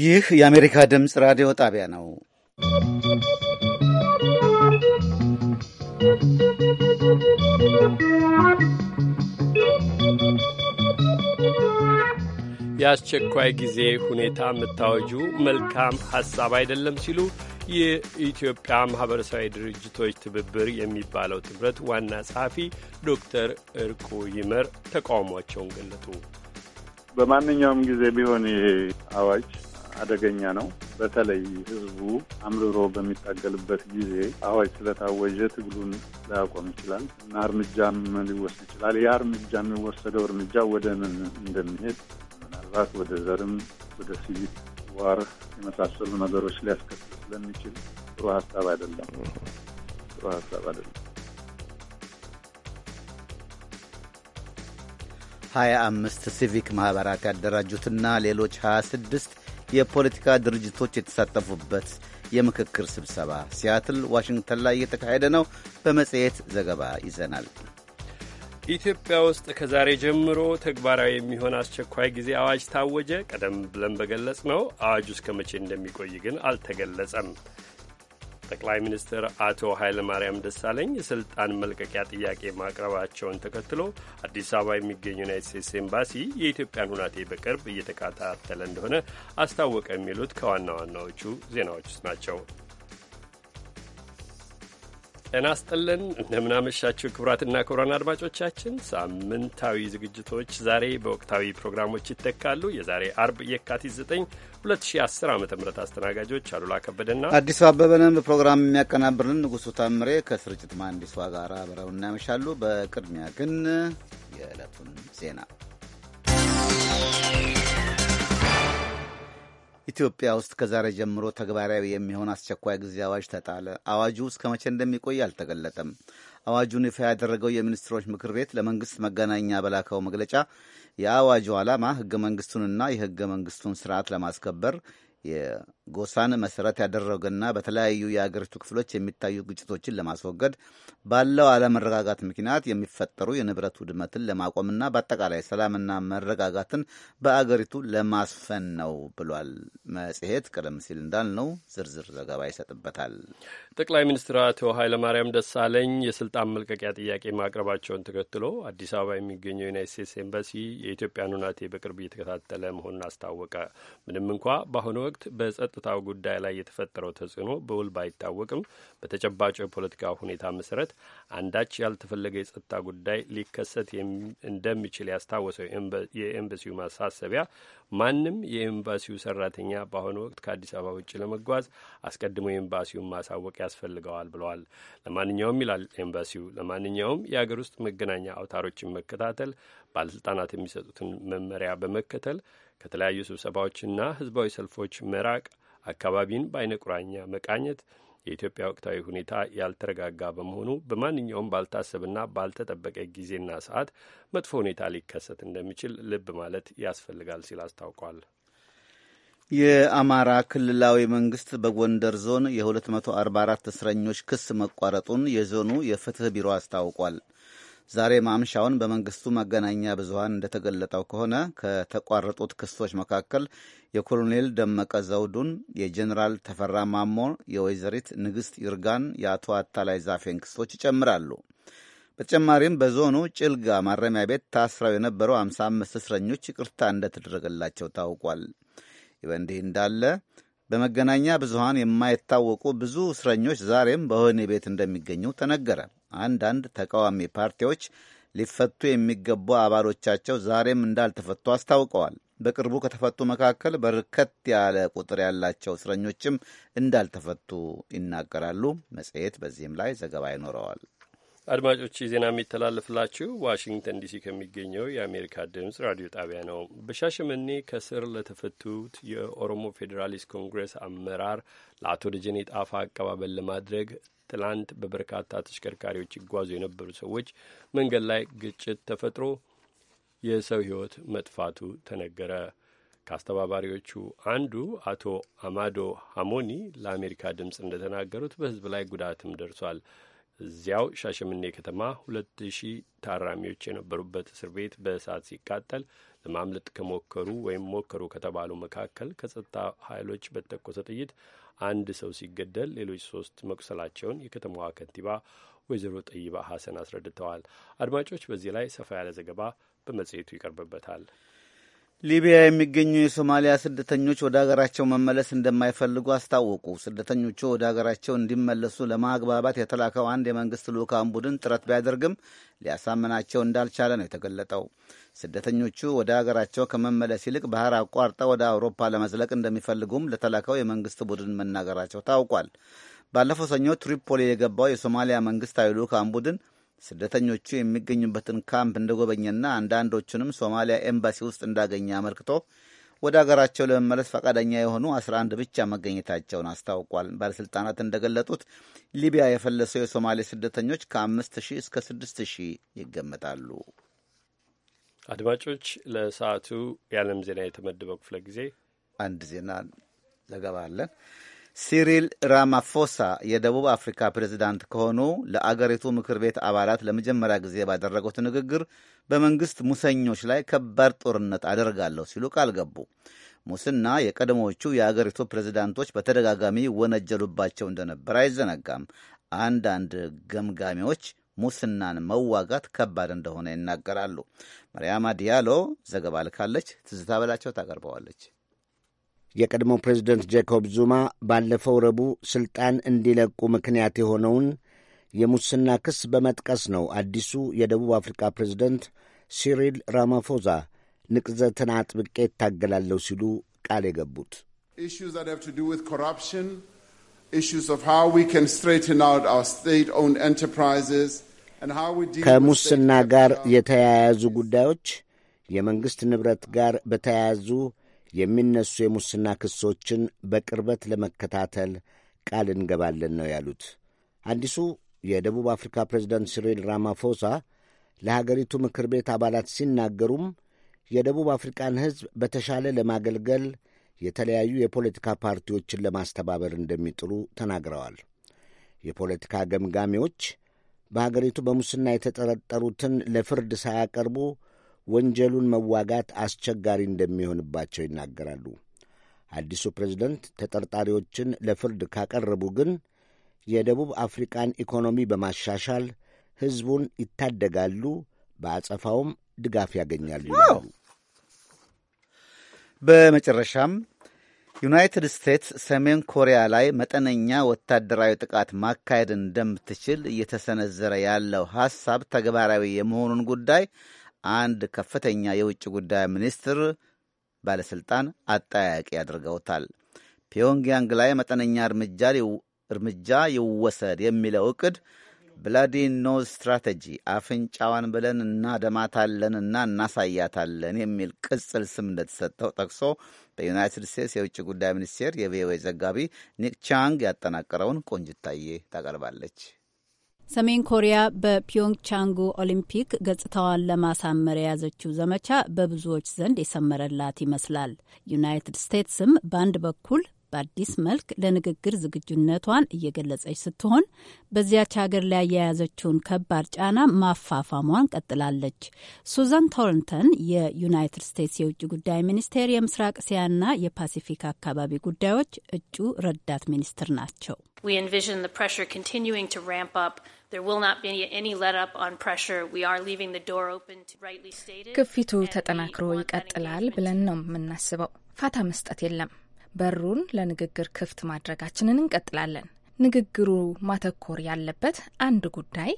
ይህ የአሜሪካ ድምፅ ራዲዮ ጣቢያ ነው። የአስቸኳይ ጊዜ ሁኔታ የምታወጁ መልካም ሐሳብ አይደለም ሲሉ የኢትዮጵያ ማኅበረሰባዊ ድርጅቶች ትብብር የሚባለው ትብረት ዋና ጸሐፊ ዶክተር እርቁ ይመር ተቃውሟቸውን ገለጡ። በማንኛውም ጊዜ ቢሆን ይሄ አዋጅ አደገኛ ነው። በተለይ ህዝቡ አምርሮ በሚታገልበት ጊዜ አዋጅ ስለታወጀ ትግሉን ላያቆም ይችላል እና እርምጃም ሊወስድ ይችላል። ያ እርምጃ የሚወሰደው እርምጃ ወደ ምን እንደሚሄድ ምናልባት ወደ ዘርም ወደ ሲቪክ ዋር የመሳሰሉ ነገሮች ሊያስከትል ስለሚችል ጥሩ ሀሳብ አይደለም። ጥሩ ሀሳብ አይደለም። ሀያ አምስት ሲቪክ ማኅበራት ያደራጁትና ሌሎች ሀያ ስድስት የፖለቲካ ድርጅቶች የተሳተፉበት የምክክር ስብሰባ ሲያትል ዋሽንግተን ላይ እየተካሄደ ነው። በመጽሔት ዘገባ ይዘናል። ኢትዮጵያ ውስጥ ከዛሬ ጀምሮ ተግባራዊ የሚሆን አስቸኳይ ጊዜ አዋጅ ታወጀ። ቀደም ብለን በገለጽ ነው። አዋጁ እስከ መቼ እንደሚቆይ ግን አልተገለጸም። ጠቅላይ ሚኒስትር አቶ ኃይለማርያም ደሳለኝ የስልጣን መልቀቂያ ጥያቄ ማቅረባቸውን ተከትሎ አዲስ አበባ የሚገኝ ዩናይት ስቴትስ ኤምባሲ የኢትዮጵያን ሁናቴ በቅርብ እየተከታተለ እንደሆነ አስታወቀ። የሚሉት ከዋና ዋናዎቹ ዜናዎች ውስጥ ናቸው። ጤና ይስጥልን እንደምናመሻችሁ ክቡራትና ክቡራን አድማጮቻችን ሳምንታዊ ዝግጅቶች ዛሬ በወቅታዊ ፕሮግራሞች ይተካሉ። የዛሬ አርብ የካቲት 9 2010 ዓ ም አስተናጋጆች አሉላ ከበደና አዲሱ አበበንን በፕሮግራም የሚያቀናብርን ንጉሱ ታምሬ ከስርጭት መሐንዲሷ ጋር አብረው እናመሻሉ። በቅድሚያ ግን የዕለቱን ዜና ኢትዮጵያ ውስጥ ከዛሬ ጀምሮ ተግባራዊ የሚሆን አስቸኳይ ጊዜ አዋጅ ተጣለ። አዋጁ እስከ መቼ እንደሚቆይ አልተገለጠም። አዋጁን ይፋ ያደረገው የሚኒስትሮች ምክር ቤት ለመንግስት መገናኛ በላከው መግለጫ የአዋጁ ዓላማ ህገ መንግስቱንና የህገ መንግስቱን ስርዓት ለማስከበር ጎሳን መሰረት ያደረገና በተለያዩ የአገሪቱ ክፍሎች የሚታዩ ግጭቶችን ለማስወገድ ባለው አለመረጋጋት ምክንያት የሚፈጠሩ የንብረት ውድመትን ለማቆምና በአጠቃላይ ሰላምና መረጋጋትን በአገሪቱ ለማስፈን ነው ብሏል። መጽሔት ቀደም ሲል እንዳልነው ዝርዝር ዘገባ ይሰጥበታል። ጠቅላይ ሚኒስትር አቶ ኃይለማርያም ደሳለኝ የስልጣን መልቀቂያ ጥያቄ ማቅረባቸውን ተከትሎ አዲስ አበባ የሚገኘው ዩናይት ስቴትስ ኤምባሲ የኢትዮጵያን ሁናቴ በቅርብ እየተከታተለ መሆኑን አስታወቀ። ምንም እንኳ በአሁኑ ወቅት በጸጥ በጸጥታው ጉዳይ ላይ የተፈጠረው ተጽዕኖ በውል ባይታወቅም በተጨባጭ የፖለቲካ ሁኔታ መሰረት አንዳች ያልተፈለገ የጸጥታ ጉዳይ ሊከሰት እንደሚችል ያስታወሰው የኤምባሲው ማሳሰቢያ ማንም የኤምባሲው ሰራተኛ በአሁኑ ወቅት ከአዲስ አበባ ውጭ ለመጓዝ አስቀድሞ የኤምባሲውን ማሳወቅ ያስፈልገዋል ብለዋል። ለማንኛውም ይላል ኤምባሲው ለማንኛውም የአገር ውስጥ መገናኛ አውታሮችን መከታተል፣ ባለስልጣናት የሚሰጡትን መመሪያ በመከተል ከተለያዩ ስብሰባዎችና ህዝባዊ ሰልፎች መራቅ አካባቢን በአይነ ቁራኛ መቃኘት የኢትዮጵያ ወቅታዊ ሁኔታ ያልተረጋጋ በመሆኑ በማንኛውም ባልታሰብና ባልተጠበቀ ጊዜና ሰዓት መጥፎ ሁኔታ ሊከሰት እንደሚችል ልብ ማለት ያስፈልጋል ሲል አስታውቋል። የአማራ ክልላዊ መንግስት በጎንደር ዞን የ244 እስረኞች ክስ መቋረጡን የዞኑ የፍትህ ቢሮ አስታውቋል። ዛሬ ማምሻውን በመንግስቱ መገናኛ ብዙሃን እንደተገለጠው ከሆነ ከተቋረጡት ክሶች መካከል የኮሎኔል ደመቀ ዘውዱን፣ የጀኔራል ተፈራ ማሞ፣ የወይዘሪት ንግሥት ይርጋን፣ የአቶ አታላይ ዛፌን ክሶች ይጨምራሉ። በተጨማሪም በዞኑ ጭልጋ ማረሚያ ቤት ታስረው የነበሩ 55 እስረኞች ይቅርታ እንደተደረገላቸው ታውቋል። ይህ በእንዲህ እንዳለ በመገናኛ ብዙሃን የማይታወቁ ብዙ እስረኞች ዛሬም በወህኒ ቤት እንደሚገኙ ተነገረ። አንዳንድ ተቃዋሚ ፓርቲዎች ሊፈቱ የሚገቡ አባሎቻቸው ዛሬም እንዳልተፈቱ አስታውቀዋል። በቅርቡ ከተፈቱ መካከል በርከት ያለ ቁጥር ያላቸው እስረኞችም እንዳልተፈቱ ይናገራሉ። መጽሔት በዚህም ላይ ዘገባ ይኖረዋል። አድማጮች ዜና የሚተላለፍላችሁ ዋሽንግተን ዲሲ ከሚገኘው የአሜሪካ ድምጽ ራዲዮ ጣቢያ ነው። በሻሸመኔ ከስር ለተፈቱት የኦሮሞ ፌዴራሊስት ኮንግረስ አመራር ለአቶ ደጀኔ ጣፋ አቀባበል ለማድረግ ትላንት በበርካታ ተሽከርካሪዎች ይጓዙ የነበሩ ሰዎች መንገድ ላይ ግጭት ተፈጥሮ የሰው ሕይወት መጥፋቱ ተነገረ። ከአስተባባሪዎቹ አንዱ አቶ አማዶ ሃሞኒ ለአሜሪካ ድምፅ እንደተናገሩት በሕዝብ ላይ ጉዳትም ደርሷል። እዚያው ሻሸምኔ ከተማ ሁለት ሺህ ታራሚዎች የነበሩበት እስር ቤት በእሳት ሲቃጠል ለማምለጥ ከሞከሩ ወይም ሞከሩ ከተባሉ መካከል ከጸጥታ ኃይሎች በተኮሰ ጥይት አንድ ሰው ሲገደል ሌሎች ሶስት መቁሰላቸውን የከተማዋ ከንቲባ ወይዘሮ ጠይባ ሀሰን አስረድተዋል። አድማጮች፣ በዚህ ላይ ሰፋ ያለ ዘገባ በመጽሔቱ ይቀርብበታል። ሊቢያ የሚገኙ የሶማሊያ ስደተኞች ወደ ሀገራቸው መመለስ እንደማይፈልጉ አስታወቁ። ስደተኞቹ ወደ ሀገራቸው እንዲመለሱ ለማግባባት የተላከው አንድ የመንግስት ልዑካን ቡድን ጥረት ቢያደርግም ሊያሳምናቸው እንዳልቻለ ነው የተገለጠው። ስደተኞቹ ወደ ሀገራቸው ከመመለስ ይልቅ ባህር አቋርጠው ወደ አውሮፓ ለመዝለቅ እንደሚፈልጉም ለተላከው የመንግስት ቡድን መናገራቸው ታውቋል። ባለፈው ሰኞ ትሪፖሊ የገባው የሶማሊያ መንግስታዊ ልዑካን ቡድን ስደተኞቹ የሚገኙበትን ካምፕ እንደጎበኘና አንዳንዶቹንም ሶማሊያ ኤምባሲ ውስጥ እንዳገኘ አመልክቶ ወደ አገራቸው ለመመለስ ፈቃደኛ የሆኑ 11 ብቻ መገኘታቸውን አስታውቋል። ባለሥልጣናት እንደገለጡት ሊቢያ የፈለሰው የሶማሌ ስደተኞች ከ5000 እስከ 6000 ይገመታሉ። አድማጮች፣ ለሰዓቱ የዓለም ዜና የተመደበው ክፍለ ጊዜ አንድ ዜና ዘገባ አለን። ሲሪል ራማፎሳ የደቡብ አፍሪካ ፕሬዝዳንት ከሆኑ ለአገሪቱ ምክር ቤት አባላት ለመጀመሪያ ጊዜ ባደረጉት ንግግር በመንግሥት ሙሰኞች ላይ ከባድ ጦርነት አደርጋለሁ ሲሉ ቃል ገቡ። ሙስና የቀደሞዎቹ የአገሪቱ ፕሬዝዳንቶች በተደጋጋሚ ወነጀሉባቸው እንደነበር አይዘነጋም። አንዳንድ ገምጋሚዎች ሙስናን መዋጋት ከባድ እንደሆነ ይናገራሉ። መርያማ ዲያሎ ዘገባ ልካለች። ትዝታ በላቸው ታቀርበዋለች። የቀድሞው ፕሬዚደንት ጄኮብ ዙማ ባለፈው ረቡዕ ሥልጣን እንዲለቁ ምክንያት የሆነውን የሙስና ክስ በመጥቀስ ነው አዲሱ የደቡብ አፍሪካ ፕሬዚደንት ሲሪል ራማፎዛ ንቅዘትን አጥብቄ እታገላለሁ ሲሉ ቃል የገቡት። ከሙስና ጋር የተያያዙ ጉዳዮች፣ የመንግሥት ንብረት ጋር በተያያዙ የሚነሱ የሙስና ክሶችን በቅርበት ለመከታተል ቃል እንገባለን ነው ያሉት። አዲሱ የደቡብ አፍሪካ ፕሬዝዳንት ሲሪል ራማፎሳ ለሀገሪቱ ምክር ቤት አባላት ሲናገሩም የደቡብ አፍሪካን ሕዝብ በተሻለ ለማገልገል የተለያዩ የፖለቲካ ፓርቲዎችን ለማስተባበር እንደሚጥሩ ተናግረዋል። የፖለቲካ ገምጋሚዎች በሀገሪቱ በሙስና የተጠረጠሩትን ለፍርድ ሳያቀርቡ ወንጀሉን መዋጋት አስቸጋሪ እንደሚሆንባቸው ይናገራሉ። አዲሱ ፕሬዝደንት ተጠርጣሪዎችን ለፍርድ ካቀረቡ ግን የደቡብ አፍሪካን ኢኮኖሚ በማሻሻል ሕዝቡን ይታደጋሉ፣ በአጸፋውም ድጋፍ ያገኛሉ ይላሉ። በመጨረሻም ዩናይትድ ስቴትስ ሰሜን ኮሪያ ላይ መጠነኛ ወታደራዊ ጥቃት ማካሄድ እንደምትችል እየተሰነዘረ ያለው ሐሳብ ተግባራዊ የመሆኑን ጉዳይ አንድ ከፍተኛ የውጭ ጉዳይ ሚኒስትር ባለሥልጣን አጠያያቂ አድርገውታል። ፒዮንግያንግ ላይ መጠነኛ እርምጃ ይወሰድ የሚለው እቅድ ኖዝ ስትራቴጂ አፍንጫዋን ብለን እናደማታለንና እናሳያታለን የሚል ቅጽል ስም እንደተሰጠው ጠቅሶ በዩናይትድ ስቴትስ የውጭ ጉዳይ ሚኒስቴር የቪኦኤ ዘጋቢ ኒክ ቻንግ ያጠናቀረውን ቆንጅታዬ ታቀርባለች። ሰሜን ኮሪያ በፒዮንግቻንጉ ኦሊምፒክ ገጽታዋን ለማሳመር የያዘችው ዘመቻ በብዙዎች ዘንድ የሰመረላት ይመስላል። ዩናይትድ ስቴትስም በአንድ በኩል በአዲስ መልክ ለንግግር ዝግጁነቷን እየገለጸች ስትሆን በዚያች ሀገር ላይ የያዘችውን ከባድ ጫና ማፋፋሟን ቀጥላለች። ሱዛን ቶርንተን የዩናይትድ ስቴትስ የውጭ ጉዳይ ሚኒስቴር የምስራቅ እስያና የፓሲፊክ አካባቢ ጉዳዮች እጩ ረዳት ሚኒስትር ናቸው። ክፊቱ ተጠናክሮ ይቀጥላል ብለን ነው የምናስበው። ፋታ መስጠት የለም። በሩን ለንግግር ክፍት ማድረጋችንን እንቀጥላለን። ንግግሩ ማተኮር ያለበት አንድ ጉዳይ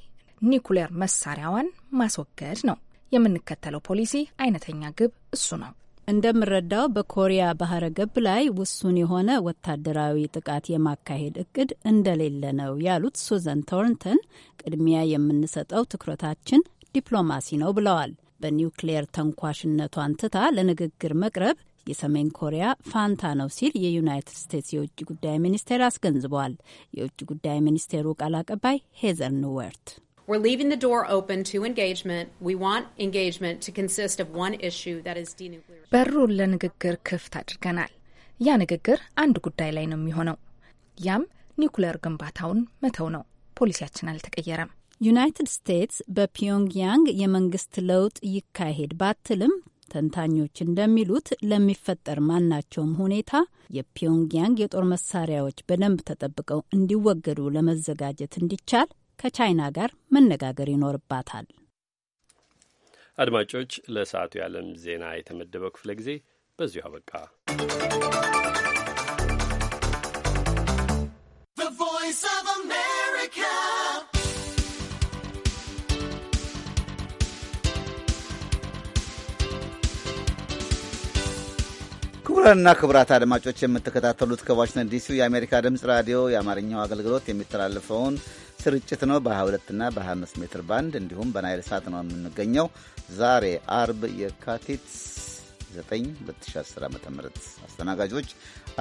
ኒኩሌር መሳሪያዋን ማስወገድ ነው። የምንከተለው ፖሊሲ አይነተኛ ግብ እሱ ነው። እንደምረዳው በኮሪያ ባህረ ገብ ላይ ውሱን የሆነ ወታደራዊ ጥቃት የማካሄድ እቅድ እንደሌለ ነው ያሉት ሱዘን ቶርንተን፣ ቅድሚያ የምንሰጠው ትኩረታችን ዲፕሎማሲ ነው ብለዋል። በኒውክሌየር ተንኳሽነቷን ትታ ለንግግር መቅረብ የሰሜን ኮሪያ ፋንታ ነው ሲል የዩናይትድ ስቴትስ የውጭ ጉዳይ ሚኒስቴር አስገንዝበዋል። የውጭ ጉዳይ ሚኒስቴሩ ቃል አቀባይ ሄዘር ኑዌርት በሩን ለንግግር ክፍት አድርገናል። ያ ንግግር አንድ ጉዳይ ላይ ነው የሚሆነው። ያም ኒውክሌር ግንባታውን መተው ነው። ፖሊሲያችን አልተቀየረም። ዩናይትድ ስቴትስ በፒዮንግያንግ የመንግስት ለውጥ ይካሄድ ባትልም ተንታኞች እንደሚሉት ለሚፈጠር ማናቸውም ሁኔታ የፒዮንግያንግ የጦር መሳሪያዎች በደንብ ተጠብቀው እንዲወገዱ ለመዘጋጀት እንዲቻል ከቻይና ጋር መነጋገር ይኖርባታል። አድማጮች፣ ለሰዓቱ ያለን ዜና የተመደበው ክፍለ ጊዜ በዚሁ አበቃ። ክቡራንና ክቡራት አድማጮች የምትከታተሉት ከዋሽንግተን ዲሲ የአሜሪካ ድምፅ ራዲዮ የአማርኛው አገልግሎት የሚተላለፈውን ስርጭት ነው። በ22ና በ25 ሜትር ባንድ እንዲሁም በናይል ሳት ነው የምንገኘው። ዛሬ አርብ የካቲት 9 2010 ዓ ም አስተናጋጆች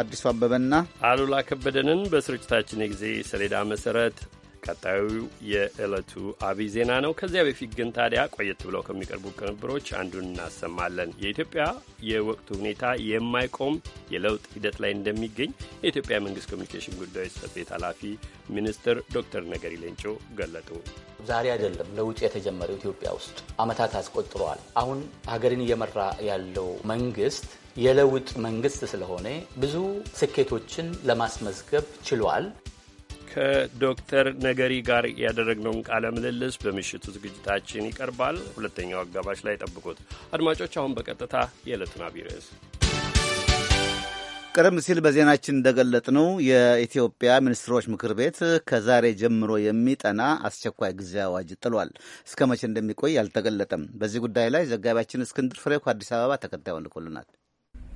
አዲሱ አበበና አሉላ ከበደንን በስርጭታችን የጊዜ ሰሌዳ መሰረት ቀጣዩ የዕለቱ አብይ ዜና ነው። ከዚያ በፊት ግን ታዲያ ቆየት ብለው ከሚቀርቡ ቅንብሮች አንዱን እናሰማለን። የኢትዮጵያ የወቅቱ ሁኔታ የማይቆም የለውጥ ሂደት ላይ እንደሚገኝ የኢትዮጵያ መንግስት ኮሚኒኬሽን ጉዳዮች ጽሕፈት ቤት ኃላፊ ሚኒስትር ዶክተር ነገሪ ሌንጮ ገለጡ። ዛሬ አይደለም ለውጥ የተጀመረው ኢትዮጵያ ውስጥ አመታት አስቆጥረዋል። አሁን ሀገርን እየመራ ያለው መንግስት የለውጥ መንግስት ስለሆነ ብዙ ስኬቶችን ለማስመዝገብ ችሏል። ከዶክተር ነገሪ ጋር ያደረግነውን ቃለ ምልልስ በምሽቱ ዝግጅታችን ይቀርባል። ሁለተኛው አጋባሽ ላይ ጠብቁት አድማጮች። አሁን በቀጥታ የዕለቱን አብይ ርዕስ ቀደም ሲል በዜናችን እንደገለጥነው የኢትዮጵያ ሚኒስትሮች ምክር ቤት ከዛሬ ጀምሮ የሚጠና አስቸኳይ ጊዜ አዋጅ ጥሏል። እስከ መቼ እንደሚቆይ አልተገለጠም። በዚህ ጉዳይ ላይ ዘጋቢያችን እስክንድር ፍሬው ከአዲስ አበባ ተከታዩን ልኮልናል።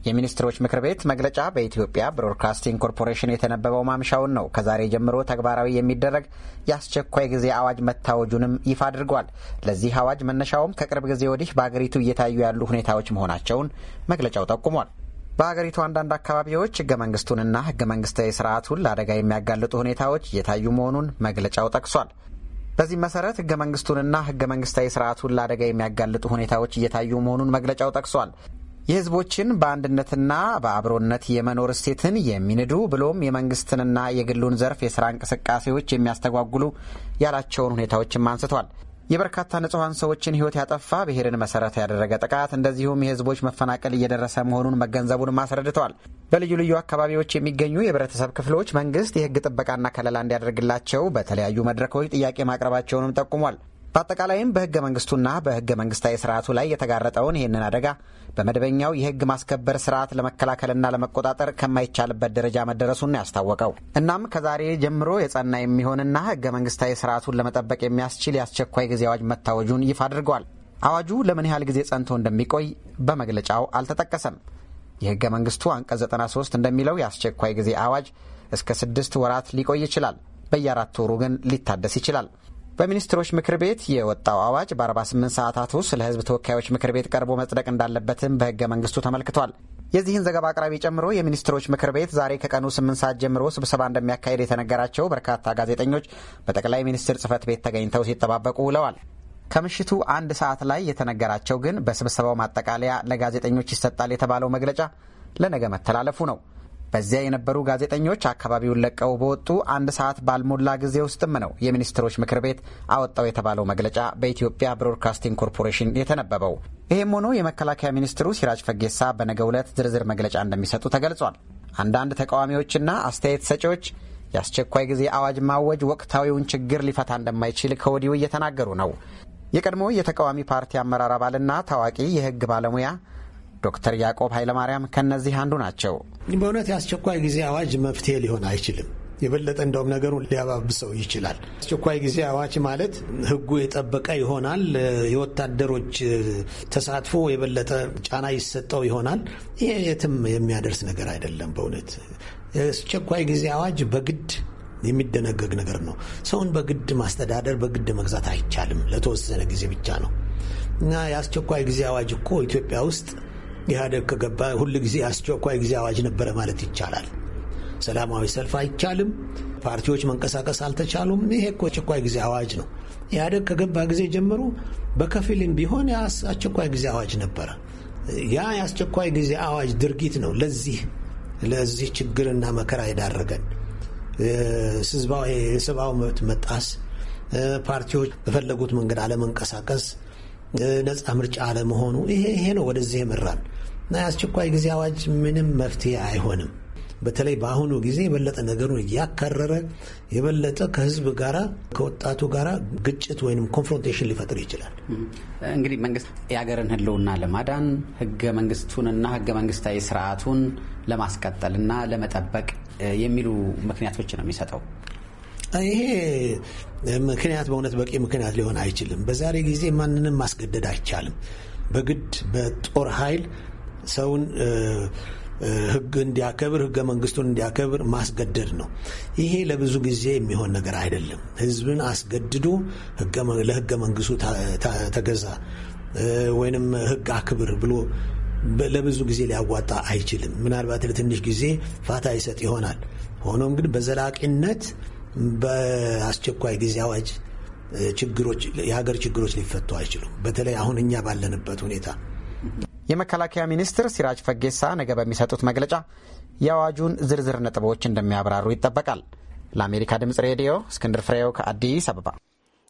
የሚኒስትሮች ምክር ቤት መግለጫ በኢትዮጵያ ብሮድካስቲንግ ኮርፖሬሽን የተነበበው ማምሻውን ነው። ከዛሬ ጀምሮ ተግባራዊ የሚደረግ የአስቸኳይ ጊዜ አዋጅ መታወጁንም ይፋ አድርጓል። ለዚህ አዋጅ መነሻውም ከቅርብ ጊዜ ወዲህ በአገሪቱ እየታዩ ያሉ ሁኔታዎች መሆናቸውን መግለጫው ጠቁሟል። በሀገሪቱ አንዳንድ አካባቢዎች ህገ መንግስቱንና ህገ መንግስታዊ ስርዓቱን ለአደጋ የሚያጋልጡ ሁኔታዎች እየታዩ መሆኑን መግለጫው ጠቅሷል። በዚህ መሰረት ህገ መንግስቱንና ህገ መንግስታዊ ስርዓቱን ለአደጋ የሚያጋልጡ ሁኔታዎች እየታዩ መሆኑን መግለጫው ጠቅሷል። የህዝቦችን በአንድነትና በአብሮነት የመኖር እሴትን የሚንዱ ብሎም የመንግስትንና የግሉን ዘርፍ የስራ እንቅስቃሴዎች የሚያስተጓጉሉ ያላቸውን ሁኔታዎችም አንስቷል። የበርካታ ንጹሐን ሰዎችን ህይወት ያጠፋ ብሔርን መሠረት ያደረገ ጥቃት እንደዚሁም የህዝቦች መፈናቀል እየደረሰ መሆኑን መገንዘቡንም አስረድተዋል። በልዩ ልዩ አካባቢዎች የሚገኙ የህብረተሰብ ክፍሎች መንግስት የህግ ጥበቃና ከለላ እንዲያደርግላቸው በተለያዩ መድረኮች ጥያቄ ማቅረባቸውንም ጠቁሟል። በአጠቃላይም በህገ መንግስቱና በህገ መንግስታዊ ስርዓቱ ላይ የተጋረጠውን ይህንን አደጋ በመደበኛው የህግ ማስከበር ስርዓት ለመከላከልና ለመቆጣጠር ከማይቻልበት ደረጃ መደረሱን ያስታወቀው እናም ከዛሬ ጀምሮ የጸና የሚሆንና ህገ መንግስታዊ ስርዓቱን ለመጠበቅ የሚያስችል የአስቸኳይ ጊዜ አዋጅ መታወጁን ይፋ አድርገዋል። አዋጁ ለምን ያህል ጊዜ ጸንቶ እንደሚቆይ በመግለጫው አልተጠቀሰም። የህገ መንግስቱ አንቀጽ 93 እንደሚለው የአስቸኳይ ጊዜ አዋጅ እስከ ስድስት ወራት ሊቆይ ይችላል። በየአራት ወሩ ግን ሊታደስ ይችላል። በሚኒስትሮች ምክር ቤት የወጣው አዋጅ በ48 ሰዓታት ውስጥ ለሕዝብ ተወካዮች ምክር ቤት ቀርቦ መጽደቅ እንዳለበትም በሕገ መንግስቱ ተመልክቷል። የዚህን ዘገባ አቅራቢ ጨምሮ የሚኒስትሮች ምክር ቤት ዛሬ ከቀኑ 8 ሰዓት ጀምሮ ስብሰባ እንደሚያካሄድ የተነገራቸው በርካታ ጋዜጠኞች በጠቅላይ ሚኒስትር ጽህፈት ቤት ተገኝተው ሲጠባበቁ ውለዋል። ከምሽቱ አንድ ሰዓት ላይ የተነገራቸው ግን በስብሰባው ማጠቃለያ ለጋዜጠኞች ይሰጣል የተባለው መግለጫ ለነገ መተላለፉ ነው። በዚያ የነበሩ ጋዜጠኞች አካባቢውን ለቀው በወጡ አንድ ሰዓት ባልሞላ ጊዜ ውስጥም ነው የሚኒስትሮች ምክር ቤት አወጣው የተባለው መግለጫ በኢትዮጵያ ብሮድካስቲንግ ኮርፖሬሽን የተነበበው። ይህም ሆኖ የመከላከያ ሚኒስትሩ ሲራጅ ፈጌሳ በነገ ዕለት ዝርዝር መግለጫ እንደሚሰጡ ተገልጿል። አንዳንድ ተቃዋሚዎችና አስተያየት ሰጪዎች የአስቸኳይ ጊዜ አዋጅ ማወጅ ወቅታዊውን ችግር ሊፈታ እንደማይችል ከወዲሁ እየተናገሩ ነው። የቀድሞ የተቃዋሚ ፓርቲ አመራር አባልና ታዋቂ የሕግ ባለሙያ ዶክተር ያዕቆብ ኃይለማርያም ከእነዚህ አንዱ ናቸው። በእውነት የአስቸኳይ ጊዜ አዋጅ መፍትሄ ሊሆን አይችልም። የበለጠ እንደውም ነገሩን ሊያባብሰው ይችላል። አስቸኳይ ጊዜ አዋጅ ማለት ሕጉ የጠበቀ ይሆናል። የወታደሮች ተሳትፎ የበለጠ ጫና ይሰጠው ይሆናል። ይሄ የትም የሚያደርስ ነገር አይደለም። በእውነት የአስቸኳይ ጊዜ አዋጅ በግድ የሚደነገግ ነገር ነው። ሰውን በግድ ማስተዳደር፣ በግድ መግዛት አይቻልም። ለተወሰነ ጊዜ ብቻ ነው እና የአስቸኳይ ጊዜ አዋጅ እኮ ኢትዮጵያ ውስጥ ኢህአደግ ከገባ ሁል ጊዜ አስቸኳይ ጊዜ አዋጅ ነበረ ማለት ይቻላል። ሰላማዊ ሰልፍ አይቻልም፣ ፓርቲዎች መንቀሳቀስ አልተቻሉም። ይሄ እኮ አስቸኳይ ጊዜ አዋጅ ነው። ኢህአደግ ከገባ ጊዜ ጀምሮ በከፊልም ቢሆን አስቸኳይ ጊዜ አዋጅ ነበረ። ያ የአስቸኳይ ጊዜ አዋጅ ድርጊት ነው ለዚህ ለዚህ ችግርና መከራ የዳረገን የሰብአዊ መብት መጣስ፣ ፓርቲዎች በፈለጉት መንገድ አለመንቀሳቀስ፣ ነፃ ምርጫ አለመሆኑ ይሄ ይሄ ነው ወደዚህ የመራን። የአስቸኳይ ጊዜ አዋጅ ምንም መፍትሄ አይሆንም። በተለይ በአሁኑ ጊዜ የበለጠ ነገሩን እያካረረ የበለጠ ከህዝብ ጋራ ከወጣቱ ጋራ ግጭት ወይም ኮንፍሮንቴሽን ሊፈጥር ይችላል። እንግዲህ መንግስት የሀገርን ህልውና ለማዳን ህገ መንግስቱንና ህገ መንግስታዊ ስርዓቱን ለማስቀጠልና ለመጠበቅ የሚሉ ምክንያቶች ነው የሚሰጠው። ይሄ ምክንያት በእውነት በቂ ምክንያት ሊሆን አይችልም። በዛሬ ጊዜ ማንንም ማስገደድ አይቻልም። በግድ በጦር ኃይል ሰውን ህግ እንዲያከብር ህገ መንግስቱን እንዲያከብር ማስገደድ ነው። ይሄ ለብዙ ጊዜ የሚሆን ነገር አይደለም። ህዝብን አስገድዶ ለህገ መንግስቱ ተገዛ ወይንም ህግ አክብር ብሎ ለብዙ ጊዜ ሊያዋጣ አይችልም። ምናልባት ለትንሽ ጊዜ ፋታ ይሰጥ ይሆናል። ሆኖም ግን በዘላቂነት በአስቸኳይ ጊዜ አዋጅ ችግሮች የሀገር ችግሮች ሊፈቱ አይችሉም። በተለይ አሁን እኛ ባለንበት ሁኔታ የመከላከያ ሚኒስትር ሲራጅ ፈጌሳ ነገ በሚሰጡት መግለጫ የአዋጁን ዝርዝር ነጥቦች እንደሚያብራሩ ይጠበቃል። ለአሜሪካ ድምጽ ሬዲዮ እስክንድር ፍሬው ከአዲስ አበባ።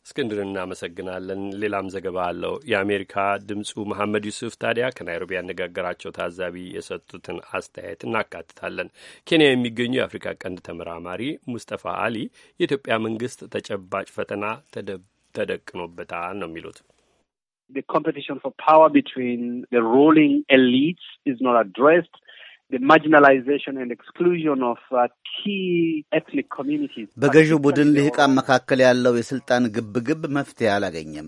እስክንድር እናመሰግናለን። ሌላም ዘገባ አለው። የአሜሪካ ድምፁ መሐመድ ዩሱፍ ታዲያ ከናይሮቢ ያነጋገራቸው ታዛቢ የሰጡትን አስተያየት እናካትታለን። ኬንያ የሚገኙ የአፍሪካ ቀንድ ተመራማሪ ሙስጠፋ አሊ የኢትዮጵያ መንግስት ተጨባጭ ፈተና ተደቅኖበታል ነው የሚሉት The competition for power between the ruling elites is not addressed. Uh, በገዢው ቡድን ልሂቃን መካከል ያለው የሥልጣን ግብግብ መፍትሄ አላገኘም።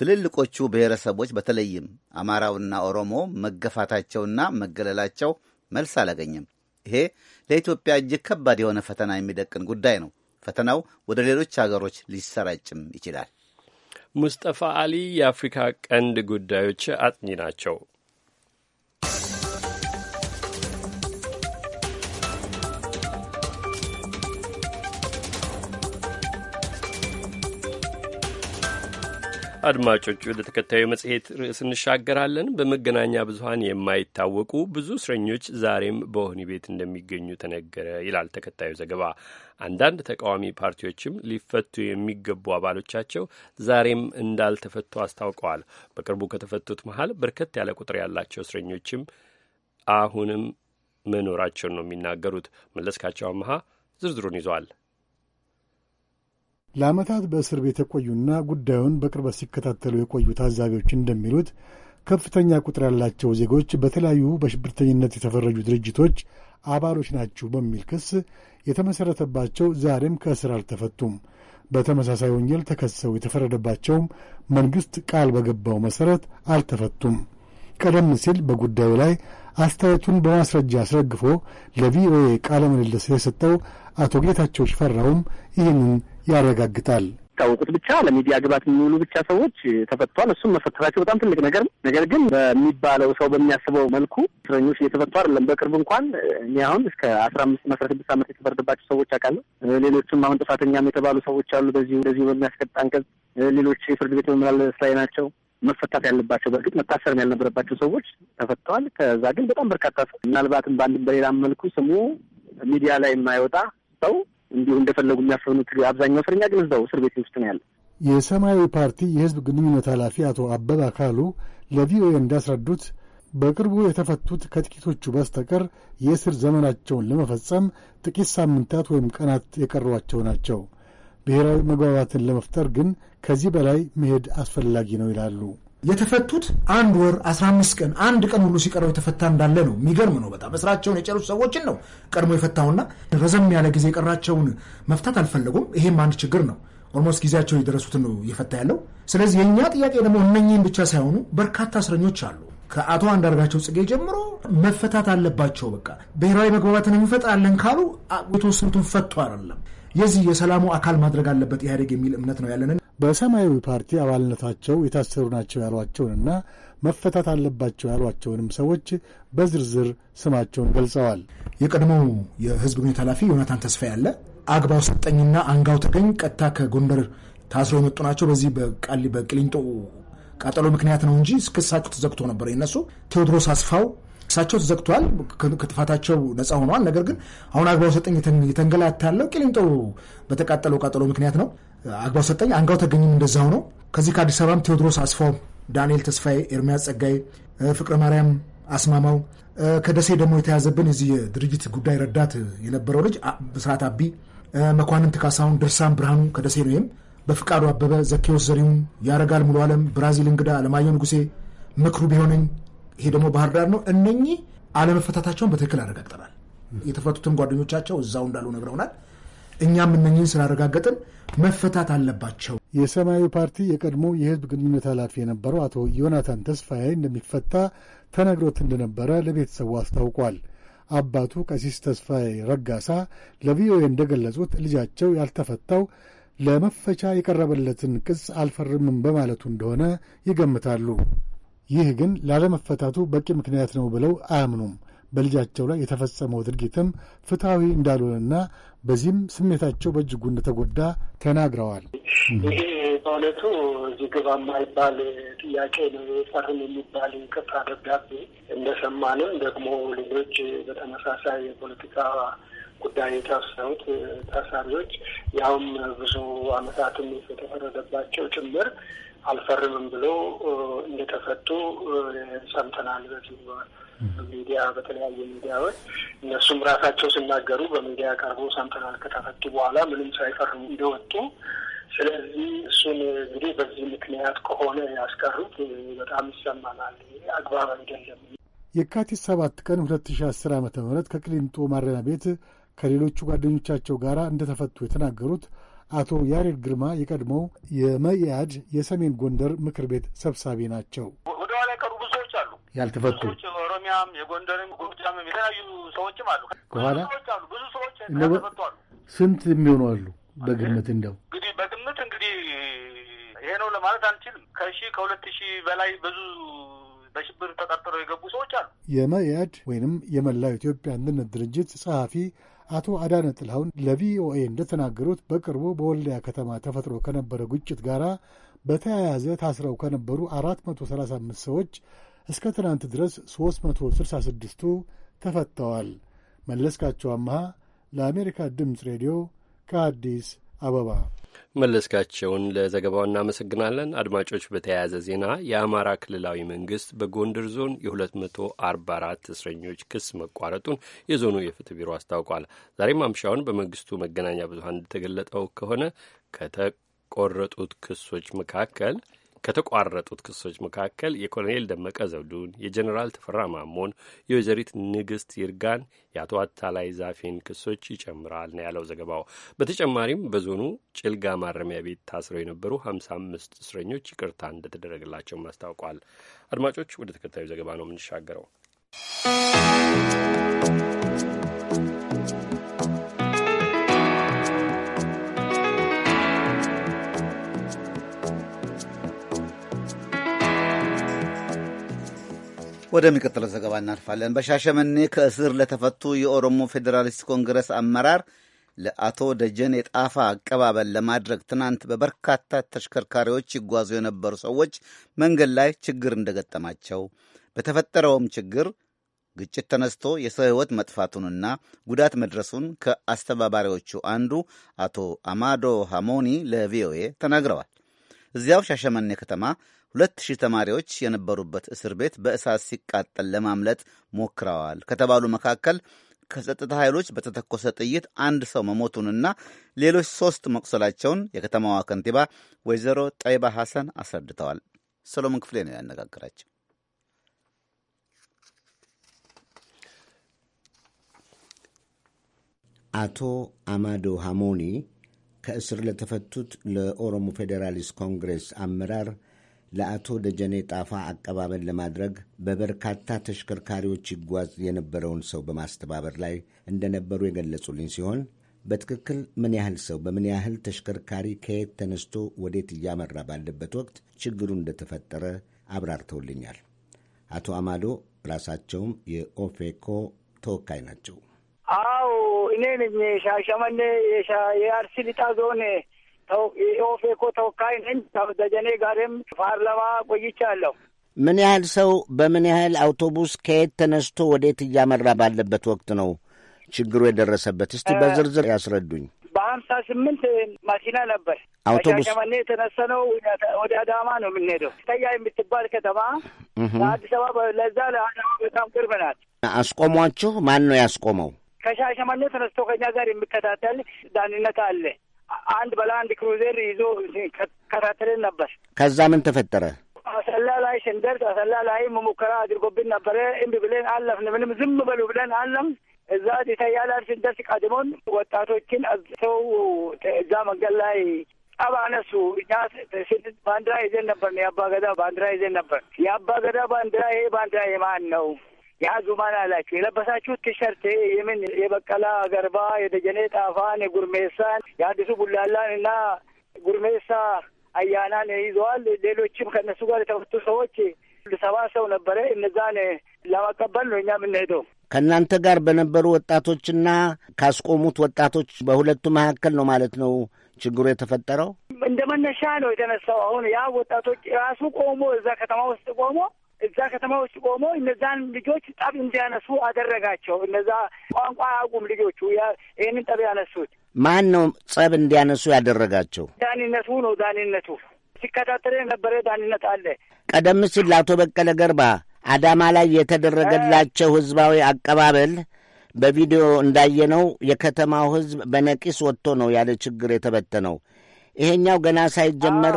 ትልልቆቹ ብሔረሰቦች በተለይም አማራውና ኦሮሞ መገፋታቸውና መገለላቸው መልስ አላገኘም። ይሄ ለኢትዮጵያ እጅግ ከባድ የሆነ ፈተና የሚደቅን ጉዳይ ነው። ፈተናው ወደ ሌሎች አገሮች ሊሰራጭም ይችላል። ሙስጠፋ አሊ የአፍሪካ ቀንድ ጉዳዮች አጥኚ ናቸው። አድማጮች ወደ ተከታዩ መጽሔት ርዕስ እንሻገራለን። በመገናኛ ብዙኃን የማይታወቁ ብዙ እስረኞች ዛሬም በወህኒ ቤት እንደሚገኙ ተነገረ ይላል ተከታዩ ዘገባ። አንዳንድ ተቃዋሚ ፓርቲዎችም ሊፈቱ የሚገቡ አባሎቻቸው ዛሬም እንዳልተፈቱ አስታውቀዋል። በቅርቡ ከተፈቱት መሀል በርከት ያለ ቁጥር ያላቸው እስረኞችም አሁንም መኖራቸውን ነው የሚናገሩት። መለስካቸው አመሃ ዝርዝሩን ይዟል። ለዓመታት በእስር ቤት የቆዩና ጉዳዩን በቅርበት ሲከታተሉ የቆዩ ታዛቢዎች እንደሚሉት ከፍተኛ ቁጥር ያላቸው ዜጎች በተለያዩ በሽብርተኝነት የተፈረጁ ድርጅቶች አባሎች ናችሁ በሚል ክስ የተመሠረተባቸው ዛሬም ከእስር አልተፈቱም። በተመሳሳይ ወንጀል ተከሰው የተፈረደባቸውም መንግሥት ቃል በገባው መሠረት አልተፈቱም። ቀደም ሲል በጉዳዩ ላይ አስተያየቱን በማስረጃ አስረግፎ ለቪኦኤ ቃለ ምልልስ የሰጠው አቶ ጌታቸው ሽፈራውም ይህንን ያረጋግጣል። የሚታወቁት ብቻ ለሚዲያ ግባት የሚውሉ ብቻ ሰዎች ተፈቷል። እሱም መፈተታቸው በጣም ትልቅ ነገር ነው። ነገር ግን በሚባለው ሰው በሚያስበው መልኩ እስረኞች እየተፈቱ አይደለም። በቅርብ እንኳን እኔ አሁን እስከ አስራ አምስት አስራ ስድስት ዓመት የተፈረደባቸው ሰዎች አውቃለሁ። ሌሎቹም አሁን ጥፋተኛም የተባሉ ሰዎች አሉ። በዚሁ እንደዚሁ በሚያስቀጣ አንቀጽ ሌሎች የፍርድ ቤት መመላለስ ላይ ናቸው። መፈታት ያለባቸው በእርግጥ መታሰርም ያልነበረባቸው ሰዎች ተፈተዋል። ከዛ ግን በጣም በርካታ ሰው ምናልባትም በአንድም በሌላም መልኩ ስሙ ሚዲያ ላይ የማይወጣ ሰው እንዲሁ እንደፈለጉ የሚያፈኑት አብዛኛው እስረኛ ግን እዛው እስር ቤት ውስጥ ነው ያለ። የሰማያዊ ፓርቲ የህዝብ ግንኙነት ኃላፊ አቶ አበበ አካሉ ለቪኦኤ እንዳስረዱት በቅርቡ የተፈቱት ከጥቂቶቹ በስተቀር የእስር ዘመናቸውን ለመፈጸም ጥቂት ሳምንታት ወይም ቀናት የቀሯቸው ናቸው። ብሔራዊ መግባባትን ለመፍጠር ግን ከዚህ በላይ መሄድ አስፈላጊ ነው ይላሉ። የተፈቱት አንድ ወር 15 ቀን አንድ ቀን ሁሉ ሲቀረው የተፈታ እንዳለ ነው። የሚገርም ነው በጣም እስራቸውን የጨረሱ ሰዎችን ነው ቀድሞ የፈታውና ረዘም ያለ ጊዜ የቀራቸውን መፍታት አልፈለጉም። ይሄም አንድ ችግር ነው። ኦልሞስት ጊዜያቸው የደረሱትን ነው እየፈታ ያለው። ስለዚህ የእኛ ጥያቄ ደግሞ እነኚህን ብቻ ሳይሆኑ በርካታ እስረኞች አሉ ከአቶ አንዳርጋቸው ጽጌ ጀምሮ መፈታት አለባቸው። በቃ ብሔራዊ መግባባትን እንፈጥራለን ካሉ የተወሰኑትን ፈቶ አይደለም የዚህ የሰላሙ አካል ማድረግ አለበት ኢህአዴግ የሚል እምነት ነው ያለንን። በሰማያዊ ፓርቲ አባልነታቸው የታሰሩ ናቸው ያሏቸውንና መፈታት አለባቸው ያሏቸውንም ሰዎች በዝርዝር ስማቸውን ገልጸዋል። የቀድሞው የህዝብ ግንኙነት ኃላፊ ዮናታን ተስፋ ያለ አግባው ሰጠኝና አንጋው ተገኝ ቀጥታ ከጎንደር ታስረው የመጡ ናቸው። በዚህ በቃሊ በቅሊንጦ ቃጠሎ ምክንያት ነው እንጂ ክሳቸው ተዘግቶ ነበር። የነሱ ቴዎድሮስ አስፋው እሳቸው ተዘግቷል፣ ከጥፋታቸው ነፃ ሆኗል። ነገር ግን አሁን አግባው ሰጠኝ የተንገላታ ያለው ቂሊንጦ በተቃጠለው ቃጠሎ ምክንያት ነው። አግባው ሰጠኝ አንጋው ተገኝም እንደዛ ሆኖ ከዚህ ከአዲስ አበባም ቴዎድሮስ አስፋው፣ ዳንኤል ተስፋዬ፣ ኤርሚያስ ጸጋይ፣ ፍቅረ ማርያም አስማማው ከደሴ ደግሞ የተያዘብን የዚህ የድርጅት ጉዳይ ረዳት የነበረው ልጅ ብስራት አቢ፣ መኳንንት ካሳሁን፣ ድርሳን ብርሃኑ ከደሴ ነው። ይህም በፍቃዱ አበበ፣ ዘኬዎስ ዘሪሁን፣ ያረጋል ሙሉ ዓለም፣ ብራዚል እንግዳ፣ አለማየሁ ንጉሴ፣ ምክሩ ቢሆነኝ ይሄ ደግሞ ባህር ዳር ነው። እነኚህ አለመፈታታቸውን በትክክል አረጋግጠናል። የተፈቱትን ጓደኞቻቸው እዛው እንዳሉ ነግረውናል። እኛም እነኚህን ስላረጋገጥን መፈታት አለባቸው። የሰማያዊ ፓርቲ የቀድሞ የህዝብ ግንኙነት ኃላፊ የነበረው አቶ ዮናታን ተስፋዬ እንደሚፈታ ተነግሮት እንደነበረ ለቤተሰቡ አስታውቋል። አባቱ ቀሲስ ተስፋዬ ረጋሳ ለቪኦኤ እንደገለጹት ልጃቸው ያልተፈታው ለመፈቻ የቀረበለትን ቅጽ አልፈርምም በማለቱ እንደሆነ ይገምታሉ። ይህ ግን ላለመፈታቱ በቂ ምክንያት ነው ብለው አያምኑም። በልጃቸው ላይ የተፈጸመው ድርጊትም ፍትሐዊ እንዳልሆነና በዚህም ስሜታቸው በእጅጉ እንደተጎዳ ተናግረዋል። ይሄ በእውነቱ እዚህ ግባ የማይባል ጥያቄ ነው። የፈርም የሚባል ቅጣ ደብዳቤ እንደሰማንም ደግሞ ልጆች በተመሳሳይ የፖለቲካ ጉዳይ የታሰሩት ታሳሪዎች ያውም ብዙ ዓመታትም የተፈረደባቸው ጭምር አልፈርምም ብሎ እንደተፈቱ ሰምተናል። በዚህ ሚዲያ በተለያዩ ሚዲያዎች እነሱም ራሳቸው ሲናገሩ በሚዲያ ቀርቦ ሰምተናል። ከተፈቱ በኋላ ምንም ሳይፈርሙ እንደወጡ። ስለዚህ እሱን እንግዲህ በዚህ ምክንያት ከሆነ ያስቀሩት በጣም ይሰማናል፣ አግባብ አይደለም። የካቲት ሰባት ቀን ሁለት ሺህ አስር ከቅሊንጦ ማረሚያ ቤት ከሌሎቹ ጓደኞቻቸው ጋር እንደተፈቱ የተናገሩት አቶ ያሬድ ግርማ የቀድሞው የመኢአድ የሰሜን ጎንደር ምክር ቤት ሰብሳቢ ናቸው። ወደኋላ የቀሩ ብዙ ሰዎች አሉ፣ ያልተፈቱ ኦሮሚያም፣ የጎንደርም፣ ጎጃም የተለያዩ ሰዎችም አሉ፣ ከኋላ አሉ፣ ብዙ ሰዎች ያልተፈቱ አሉ። ስንት የሚሆኑ አሉ በግምት? እንደው እንግዲህ በግምት እንግዲህ ይሄ ነው ለማለት አንችልም። ከሺ ከሁለት ሺህ በላይ ብዙ በሽብር ተጠርጥረው የገቡ ሰዎች አሉ። የመኢአድ ወይንም የመላው ኢትዮጵያ አንድነት ድርጅት ጸሐፊ አቶ አዳነ ጥላሁን ለቪኦኤ እንደተናገሩት በቅርቡ በወልዲያ ከተማ ተፈጥሮ ከነበረ ግጭት ጋር በተያያዘ ታስረው ከነበሩ 435 ሰዎች እስከ ትናንት ድረስ 366ቱ ተፈተዋል። መለስካቸው አምሃ ለአሜሪካ ድምፅ ሬዲዮ ከአዲስ አበባ መለስካቸውን ለዘገባው እናመሰግናለን። አድማጮች፣ በተያያዘ ዜና የአማራ ክልላዊ መንግስት በጎንደር ዞን የ244 እስረኞች ክስ መቋረጡን የዞኑ የፍትህ ቢሮ አስታውቋል። ዛሬም ማምሻውን በመንግስቱ መገናኛ ብዙሀን እንደተገለጠው ከሆነ ከተቆረጡት ክሶች መካከል ከተቋረጡት ክሶች መካከል የኮሎኔል ደመቀ ዘውዱን፣ የጀኔራል ተፈራ ማሞን፣ የወይዘሪት ንግስት ይርጋን፣ የአቶ አታላይ ዛፌን ክሶች ይጨምራል ነው ያለው ዘገባው። በተጨማሪም በዞኑ ጭልጋ ማረሚያ ቤት ታስረው የነበሩ ሀምሳ አምስት እስረኞች ይቅርታ እንደተደረገላቸውም አስታውቋል። አድማጮች፣ ወደ ተከታዩ ዘገባ ነው የምንሻገረው። ወደሚቀጥለው ዘገባ እናልፋለን። በሻሸመኔ ከእስር ለተፈቱ የኦሮሞ ፌዴራሊስት ኮንግረስ አመራር ለአቶ ደጀን ጣፋ አቀባበል ለማድረግ ትናንት በበርካታ ተሽከርካሪዎች ይጓዙ የነበሩ ሰዎች መንገድ ላይ ችግር እንደገጠማቸው በተፈጠረውም ችግር ግጭት ተነስቶ የሰው ሕይወት መጥፋቱንና ጉዳት መድረሱን ከአስተባባሪዎቹ አንዱ አቶ አማዶ ሃሞኒ ለቪኦኤ ተናግረዋል። እዚያው ሻሸመኔ ከተማ ሁለት ሺህ ተማሪዎች የነበሩበት እስር ቤት በእሳት ሲቃጠል ለማምለጥ ሞክረዋል ከተባሉ መካከል ከጸጥታ ኃይሎች በተተኮሰ ጥይት አንድ ሰው መሞቱንና ሌሎች ሶስት መቁሰላቸውን የከተማዋ ከንቲባ ወይዘሮ ጠይባ ሐሰን አስረድተዋል። ሰሎሞን ክፍሌ ነው ያነጋግራቸው። አቶ አማዶ ሃሞኒ ከእስር ለተፈቱት ለኦሮሞ ፌዴራሊስት ኮንግሬስ አመራር ለአቶ ደጀኔ ጣፋ አቀባበል ለማድረግ በበርካታ ተሽከርካሪዎች ይጓዝ የነበረውን ሰው በማስተባበር ላይ እንደነበሩ የገለጹልኝ ሲሆን በትክክል ምን ያህል ሰው በምን ያህል ተሽከርካሪ ከየት ተነስቶ ወዴት እያመራ ባለበት ወቅት ችግሩ እንደተፈጠረ አብራርተውልኛል። አቶ አማዶ ራሳቸውም የኦፌኮ ተወካይ ናቸው። አዎ እኔ ነኝ ሻሸመኔ የአርሲ ሊጣ ዞን ተው የኦፌኮ ተወካይ ነኝ። ከደጀኔ ጋርም ፓርላማ ቆይቻለሁ። ምን ያህል ሰው በምን ያህል አውቶቡስ ከየት ተነስቶ ወዴት እያመራ ባለበት ወቅት ነው ችግሩ የደረሰበት? እስቲ በዝርዝር ያስረዱኝ። በሀምሳ ስምንት ማኪና ነበር አውቶቡስ የተነሰ ነው። ወደ አዳማ ነው የምንሄደው። ተያ የምትባል ከተማ አዲስ አበባ ለዛ ለአዳማ በጣም ቅርብ ናት። አስቆሟችሁ? ማን ነው ያስቆመው? ከሻሸመኔ ተነስቶ ከኛ ጋር የሚከታተል ዳንነት አለ አንድ አንድ ክሩዘር ይዞ ከታተልን ነበር። ከዛ ምን ተፈጠረ? አሰላ ላይ ስንደርስ አሰላ ላይ ሙከራ አድርጎብን ነበረ። እምቢ ብለን አለፍን። ምንም ዝም በሉ ብለን አለም እዛ ዲታያላል ስንደርስ ቀድሞን ወጣቶችን ሰው እዛ መንገድ ላይ ጠብ አነሱ። እኛ ባንዲራ ይዘን ነበር፣ የአባ ገዳ ባንዲራ ይዘን ነበር። የአባገዳ ገዳ ባንዲራ ይሄ ባንዲራ የማን ነው? ያዙ ማን አላቸው የለበሳችሁት ቲሸርት የምን የበቀላ ገርባ፣ የደጀኔ ጣፋን፣ የጉርሜሳን፣ የአዲሱ ቡላላን እና ጉርሜሳ አያናን ይዘዋል። ሌሎችም ከእነሱ ጋር የተፈቱ ሰዎች ሰባ ሰው ነበረ። እነዛን ለማቀበል ነው እኛ የምንሄደው። ከእናንተ ጋር በነበሩ ወጣቶችና ካስቆሙት ወጣቶች በሁለቱ መካከል ነው ማለት ነው ችግሩ የተፈጠረው። እንደ መነሻ ነው የተነሳው። አሁን ያ ወጣቶች ራሱ ቆሞ እዛ ከተማ ውስጥ ቆሞ እዛ ከተማ ውስጥ ቆሞ እነዛን ልጆች ጠብ እንዲያነሱ አደረጋቸው። እነዛ ቋንቋ አያውቁም ልጆቹ። ይህንን ጠብ ያነሱት ማን ነው? ጸብ እንዲያነሱ ያደረጋቸው ዳንነቱ ነው። ዳንነቱ ሲከታተል የነበረ ዳንነት አለ። ቀደም ሲል ለአቶ በቀለ ገርባ አዳማ ላይ የተደረገላቸው ህዝባዊ አቀባበል በቪዲዮ እንዳየነው የከተማው ህዝብ በነቂስ ወጥቶ ነው ያለ ችግር የተበተነው። ይሄኛው ገና ሳይጀመር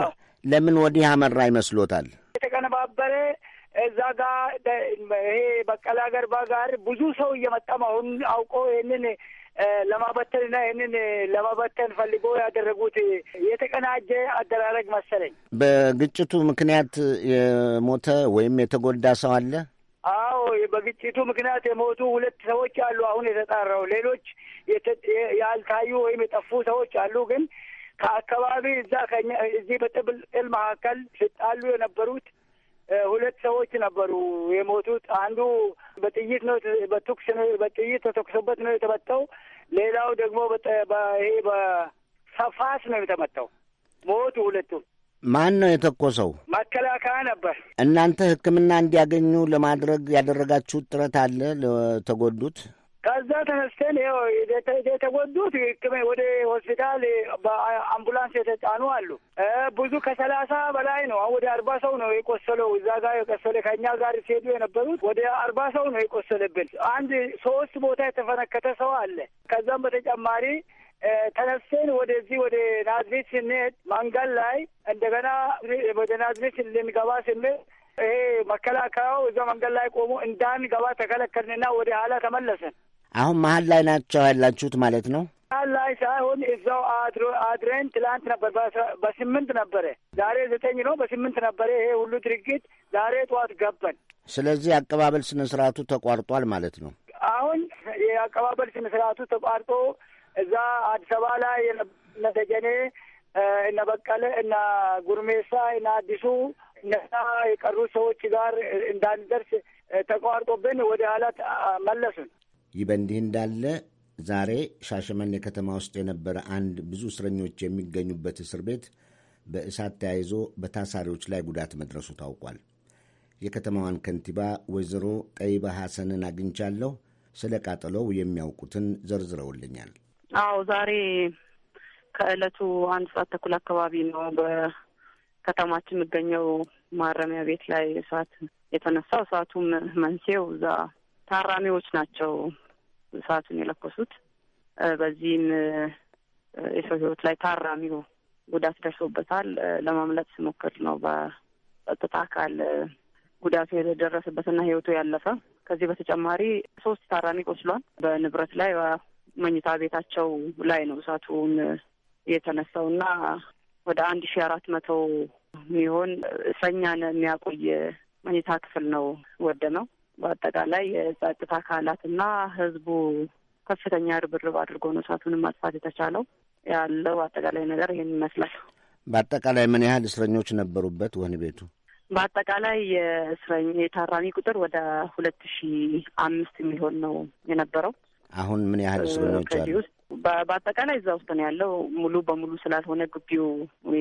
ለምን ወዲህ አመራ ይመስሎታል? የተቀነባበረ እዛ ጋር ይሄ በቀለ ገርባ ጋር ብዙ ሰው እየመጣ አሁን አውቆ ይህንን ለማበተንና ይህንን ለማበተን ፈልጎ ያደረጉት የተቀናጀ አደራረግ መሰለኝ። በግጭቱ ምክንያት የሞተ ወይም የተጎዳ ሰው አለ? አዎ፣ በግጭቱ ምክንያት የሞቱ ሁለት ሰዎች አሉ። አሁን የተጣራው ሌሎች ያልታዩ ወይም የጠፉ ሰዎች አሉ ግን ከአካባቢ እዛ እዚህ በጥብቅል መካከል ሲጣሉ የነበሩት ሁለት ሰዎች ነበሩ የሞቱት። አንዱ በጥይት ነው በቱክስ ነው በጥይት ተተኩሶበት ነው የተመጣው። ሌላው ደግሞ ይሄ በሰፋስ ነው የተመጣው። ሞቱ ሁለቱ። ማን ነው የተኮሰው? መከላከያ ነበር። እናንተ ሕክምና እንዲያገኙ ለማድረግ ያደረጋችሁት ጥረት አለ ለተጎዱት? ከዛ ተነስተን የተጎዱት ህክም ወደ ሆስፒታል በአምቡላንስ የተጫኑ አሉ። ብዙ ከሰላሳ በላይ ነው። አሁን ወደ አርባ ሰው ነው የቆሰለው። እዛ ጋር የቆሰለ ከእኛ ጋር ሲሄዱ የነበሩት ወደ አርባ ሰው ነው የቆሰለብን። አንድ ሶስት ቦታ የተፈነከተ ሰው አለ። ከዛም በተጨማሪ ተነስተን ወደዚህ ወደ ናዝሬት ስንሄድ መንገድ ላይ እንደገና ወደ ናዝሬት ልንገባ ስንል ይሄ መከላከያው እዛ መንገድ ላይ ቆሞ እንዳንገባ ተከለከልንና ወደ ኋላ ተመለሰን። አሁን መሀል ላይ ናቸው ያላችሁት ማለት ነው? መሀል ላይ ሳይሆን እዛው አድረን ትላንት ነበር በስምንት ነበረ። ዛሬ ዘጠኝ ነው፣ በስምንት ነበረ። ይሄ ሁሉ ድርጊት ዛሬ ጠዋት ገባን። ስለዚህ አቀባበል ስነ ስርዓቱ ተቋርጧል ማለት ነው። አሁን የአቀባበል ስነ ስርዓቱ ተቋርጦ እዛ አዲስ አበባ ላይ እነ ደጀኔ እነ በቀለ እነ ጉርሜሳ እነ አዲሱ እነዛ የቀሩት ሰዎች ጋር እንዳንደርስ ተቋርጦብን ወደ ኋላ መለሱን። ይህ በእንዲህ እንዳለ ዛሬ ሻሸመኔ ከተማ ውስጥ የነበረ አንድ ብዙ እስረኞች የሚገኙበት እስር ቤት በእሳት ተያይዞ በታሳሪዎች ላይ ጉዳት መድረሱ ታውቋል። የከተማዋን ከንቲባ ወይዘሮ ጠይባ ሐሰንን አግኝቻለሁ። ስለ ቃጠሎው የሚያውቁትን ዘርዝረውልኛል። አዎ ዛሬ ከእለቱ አንድ ሰዓት ተኩል አካባቢ ነው በከተማችን የሚገኘው ማረሚያ ቤት ላይ እሳት የተነሳው። እሳቱም መንስኤው እዛ ታራሚዎች ናቸው እሳቱን የለኮሱት። በዚህም የሰው ህይወት ላይ ታራሚው ጉዳት ደርሶበታል። ለማምለጥ ሲሞክር ነው በጸጥታ አካል ጉዳቱ የደረሰበትና ህይወቱ ያለፈ። ከዚህ በተጨማሪ ሶስት ታራሚ ቆስሏል። በንብረት ላይ መኝታ ቤታቸው ላይ ነው እሳቱን የተነሳው እና ወደ አንድ ሺ አራት መቶ የሚሆን እስረኛን የሚያቆይ መኝታ ክፍል ነው ወደመው። በአጠቃላይ የጸጥታ አካላትና ህዝቡ ከፍተኛ ርብርብ አድርጎ ነው እሳቱን ማጥፋት የተቻለው። ያለው አጠቃላይ ነገር ይህን ይመስላል። በአጠቃላይ ምን ያህል እስረኞች ነበሩበት ወህኒ ቤቱ? በአጠቃላይ የእስረኝ የታራሚ ቁጥር ወደ ሁለት ሺ አምስት የሚሆን ነው የነበረው። አሁን ምን ያህል እስረኞች አሉ? በአጠቃላይ እዛ ውስጥ ነው ያለው። ሙሉ በሙሉ ስላልሆነ ግቢው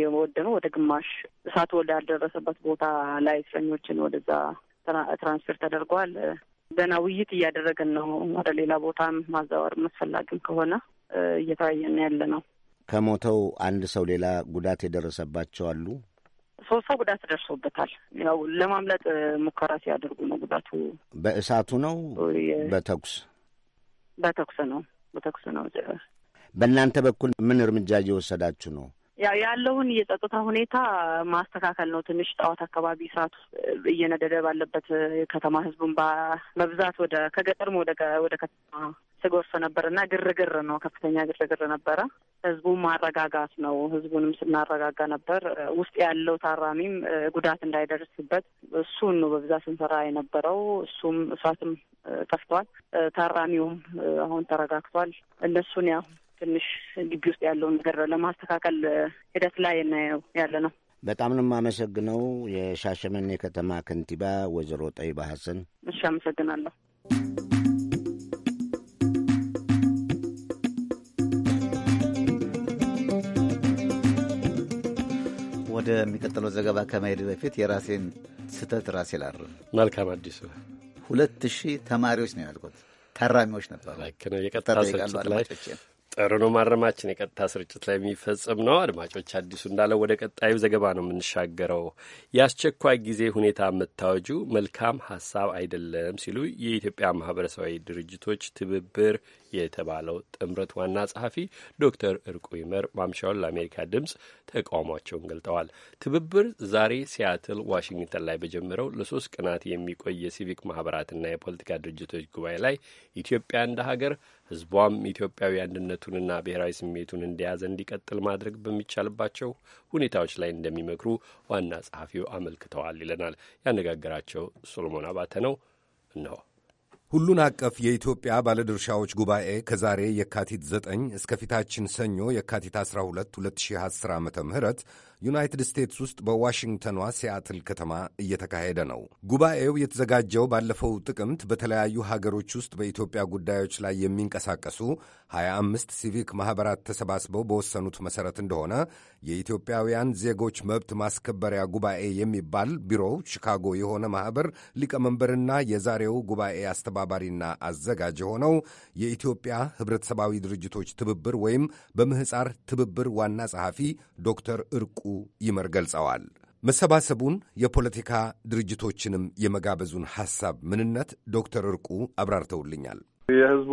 የወደኑ ወደ ግማሽ እሳቱ ያልደረሰበት ቦታ ላይ እስረኞችን ወደዛ ትራንስፌር ተደርጓል። ገና ውይይት እያደረግን ነው። ወደ ሌላ ቦታም ማዛወር አስፈላጊም ከሆነ እየተወያየን ያለ ነው። ከሞተው አንድ ሰው ሌላ ጉዳት የደረሰባቸው አሉ። ሶስት ሰው ጉዳት ደርሶበታል። ያው ለማምለጥ ሙከራ ሲያደርጉ ነው። ጉዳቱ በእሳቱ ነው። በተኩስ በተኩስ ነው። በተኩስ ነው። በእናንተ በኩል ምን እርምጃ እየወሰዳችሁ ነው? ያው ያለውን የጸጥታ ሁኔታ ማስተካከል ነው። ትንሽ ጠዋት አካባቢ እሳቱ እየነደደ ባለበት ከተማ ህዝቡን በብዛት ወደ ከገጠርም ወደ ከተማ ስጎርፍ ነበር እና ግርግር ነው፣ ከፍተኛ ግርግር ነበረ። ህዝቡ ማረጋጋት ነው። ህዝቡንም ስናረጋጋ ነበር። ውስጥ ያለው ታራሚም ጉዳት እንዳይደርስበት እሱን ነው በብዛት ስንሰራ የነበረው። እሱም እሳትም ጠፍቷል። ታራሚውም አሁን ተረጋግቷል። እነሱን ያው ትንሽ ግቢ ውስጥ ያለውን ነገር ለማስተካከል ሂደት ላይ ነው ያለ ነው። በጣም ነው የማመሰግነው የሻሸመኔ ከተማ ከንቲባ ወይዘሮ ጠይባ ሀሰን። እሺ፣ አመሰግናለሁ። ወደሚቀጥለው ዘገባ ከመሄድ በፊት የራሴን ስህተት ራሴ ላርም። መልካም አዲሱ ሁለት ሺህ ተማሪዎች ነው ያልኩት ተራሚዎች ነበሩ። የቀጥታ ስርጭት ላይ ነው። ማረማችን የቀጥታ ስርጭት ላይ የሚፈጽም ነው። አድማጮች፣ አዲሱ እንዳለው ወደ ቀጣዩ ዘገባ ነው የምንሻገረው። የአስቸኳይ ጊዜ ሁኔታ መታወጁ መልካም ሀሳብ አይደለም ሲሉ የኢትዮጵያ ማህበረሰባዊ ድርጅቶች ትብብር የተባለው ጥምረት ዋና ጸሐፊ ዶክተር እርቁ ይመር ማምሻውን ለአሜሪካ ድምፅ ተቃውሟቸውን ገልጠዋል። ትብብር ዛሬ ሲያትል ዋሽንግተን ላይ በጀመረው ለሶስት ቀናት የሚቆይ የሲቪክ ማህበራትና የፖለቲካ ድርጅቶች ጉባኤ ላይ ኢትዮጵያ እንደ ሀገር ህዝቧም ኢትዮጵያዊ አንድነቱንና ብሔራዊ ስሜቱን እንደያዘ እንዲቀጥል ማድረግ በሚቻልባቸው ሁኔታዎች ላይ እንደሚመክሩ ዋና ጸሐፊው አመልክተዋል ይለናል ያነጋገራቸው ሶሎሞን አባተ ነው ነው ሁሉን አቀፍ የኢትዮጵያ ባለድርሻዎች ጉባኤ ከዛሬ የካቲት 9 እስከ ፊታችን ሰኞ የካቲት 12 2010 ዓ ም ዩናይትድ ስቴትስ ውስጥ በዋሽንግተኗ ሲያትል ከተማ እየተካሄደ ነው። ጉባኤው የተዘጋጀው ባለፈው ጥቅምት በተለያዩ ሀገሮች ውስጥ በኢትዮጵያ ጉዳዮች ላይ የሚንቀሳቀሱ 25 ሲቪክ ማኅበራት ተሰባስበው በወሰኑት መሠረት እንደሆነ የኢትዮጵያውያን ዜጎች መብት ማስከበሪያ ጉባኤ የሚባል ቢሮው ሺካጎ የሆነ ማኅበር ሊቀመንበርና የዛሬው ጉባኤ አስተባባሪና አዘጋጅ የሆነው የኢትዮጵያ ሕብረተሰባዊ ድርጅቶች ትብብር ወይም በምህፃር ትብብር ዋና ጸሐፊ ዶክተር እርቁ እንዳወቁ ይመር ገልጸዋል። መሰባሰቡን የፖለቲካ ድርጅቶችንም የመጋበዙን ሐሳብ ምንነት ዶክተር እርቁ አብራርተውልኛል። የህዝቡ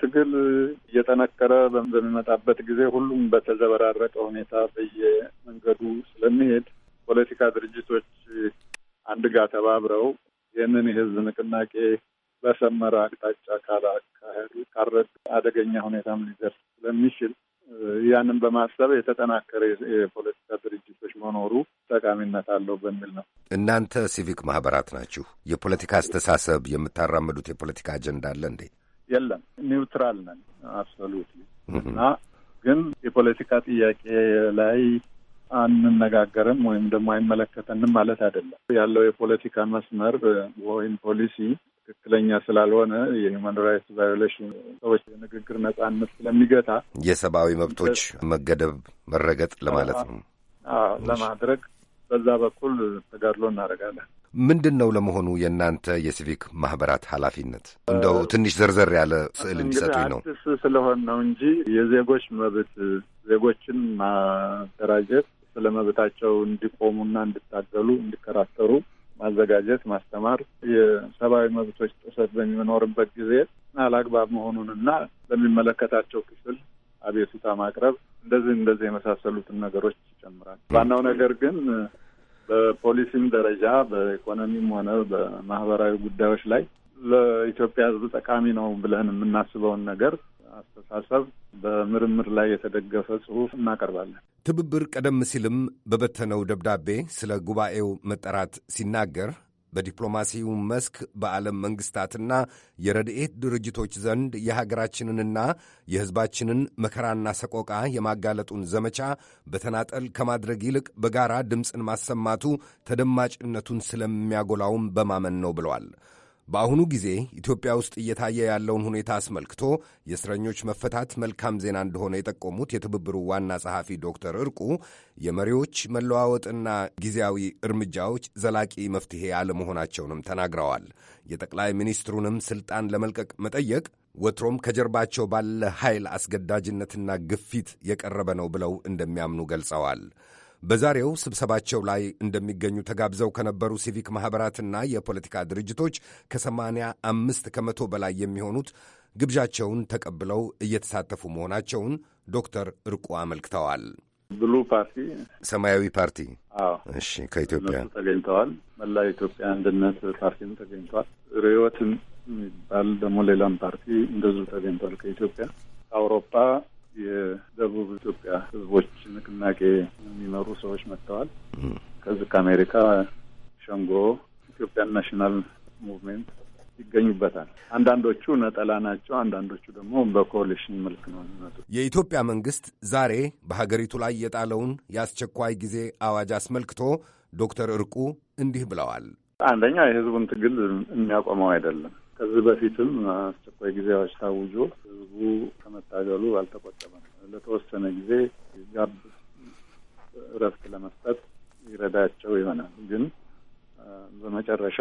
ትግል እየጠነከረ በሚመጣበት ጊዜ ሁሉም በተዘበራረቀ ሁኔታ በየመንገዱ ስለሚሄድ ፖለቲካ ድርጅቶች አንድ ጋር ተባብረው ይህንን የህዝብ ንቅናቄ በሰመረ አቅጣጫ ካላካሄዱ ካረድ አደገኛ ሁኔታም ሊደርስ ስለሚችል ያንን በማሰብ የተጠናከረ የፖለቲካ ድርጅቶች መኖሩ ጠቃሚነት አለው በሚል ነው። እናንተ ሲቪክ ማህበራት ናችሁ። የፖለቲካ አስተሳሰብ የምታራምዱት የፖለቲካ አጀንዳ አለ እንዴ? የለም፣ ኒውትራል ነን አብሶሉት። እና ግን የፖለቲካ ጥያቄ ላይ አንነጋገርም ወይም ደግሞ አይመለከተንም ማለት አይደለም። ያለው የፖለቲካ መስመር ወይም ፖሊሲ ትክክለኛ ስላልሆነ የሁማን ራይትስ ቫዮሌሽን ሰዎች የንግግር ነጻነት ስለሚገታ የሰብአዊ መብቶች መገደብ መረገጥ ለማለት ነው ለማድረግ በዛ በኩል ተጋድሎ እናደርጋለን። ምንድን ነው ለመሆኑ የእናንተ የሲቪክ ማህበራት ኃላፊነት? እንደው ትንሽ ዘርዘር ያለ ስዕል እንዲሰጡኝ ነው። አዲስ ስለሆን ነው እንጂ የዜጎች መብት ዜጎችን ማደራጀት ስለ መብታቸው እንዲቆሙና እንዲታገሉ እንዲከራከሩ ማዘጋጀት፣ ማስተማር የሰብአዊ መብቶች ጥሰት በሚኖርበት ጊዜ አላግባብ መሆኑንና ለሚመለከታቸው ክፍል አቤቱታ ማቅረብ እንደዚህ እንደዚህ የመሳሰሉትን ነገሮች ይጨምራል። ዋናው ነገር ግን በፖሊሲም ደረጃ በኢኮኖሚም ሆነ በማህበራዊ ጉዳዮች ላይ ለኢትዮጵያ ሕዝብ ጠቃሚ ነው ብለን የምናስበውን ነገር አስተሳሰብ በምርምር ላይ የተደገፈ ጽሑፍ እናቀርባለን። ትብብር ቀደም ሲልም በበተነው ደብዳቤ ስለ ጉባኤው መጠራት ሲናገር በዲፕሎማሲው መስክ በዓለም መንግሥታትና የረድኤት ድርጅቶች ዘንድ የሀገራችንንና የሕዝባችንን መከራና ሰቆቃ የማጋለጡን ዘመቻ በተናጠል ከማድረግ ይልቅ በጋራ ድምፅን ማሰማቱ ተደማጭነቱን ስለሚያጎላውም በማመን ነው ብለዋል። በአሁኑ ጊዜ ኢትዮጵያ ውስጥ እየታየ ያለውን ሁኔታ አስመልክቶ የእስረኞች መፈታት መልካም ዜና እንደሆነ የጠቆሙት የትብብሩ ዋና ጸሐፊ ዶክተር እርቁ የመሪዎች መለዋወጥና ጊዜያዊ እርምጃዎች ዘላቂ መፍትሄ አለመሆናቸውንም ተናግረዋል። የጠቅላይ ሚኒስትሩንም ስልጣን ለመልቀቅ መጠየቅ ወትሮም ከጀርባቸው ባለ ኃይል አስገዳጅነትና ግፊት የቀረበ ነው ብለው እንደሚያምኑ ገልጸዋል። በዛሬው ስብሰባቸው ላይ እንደሚገኙ ተጋብዘው ከነበሩ ሲቪክ ማኅበራትና የፖለቲካ ድርጅቶች ከሰማንያ አምስት ከመቶ በላይ የሚሆኑት ግብዣቸውን ተቀብለው እየተሳተፉ መሆናቸውን ዶክተር እርቁ አመልክተዋል። ብሉ ፓርቲ፣ ሰማያዊ ፓርቲ፣ እሺ፣ ከኢትዮጵያ ተገኝተዋል። መላ ኢትዮጵያ አንድነት ፓርቲም ተገኝቷል። ርዕዮትም የሚባል ደግሞ ሌላም ፓርቲ እንደዚሁ ተገኝቷል። ከኢትዮጵያ ከአውሮፓ የደቡብ ኢትዮጵያ ህዝቦች ንቅናቄ የሚመሩ ሰዎች መጥተዋል። ከዚህ ከአሜሪካ ሸንጎ ኢትዮጵያን ናሽናል ሙቭሜንት ይገኙበታል። አንዳንዶቹ ነጠላ ናቸው፣ አንዳንዶቹ ደግሞ በኮሊሽን መልክ ነው የሚመጡት። የኢትዮጵያ መንግስት ዛሬ በሀገሪቱ ላይ የጣለውን የአስቸኳይ ጊዜ አዋጅ አስመልክቶ ዶክተር እርቁ እንዲህ ብለዋል። አንደኛ የህዝቡን ትግል የሚያቆመው አይደለም ከዚህ በፊትም አስቸኳይ ጊዜ ታውጆ ህዝቡ ከመታገሉ አልተቆጠበም። ለተወሰነ ጊዜ ጋብ እረፍት ለመስጠት ይረዳቸው ይሆናል። ግን በመጨረሻ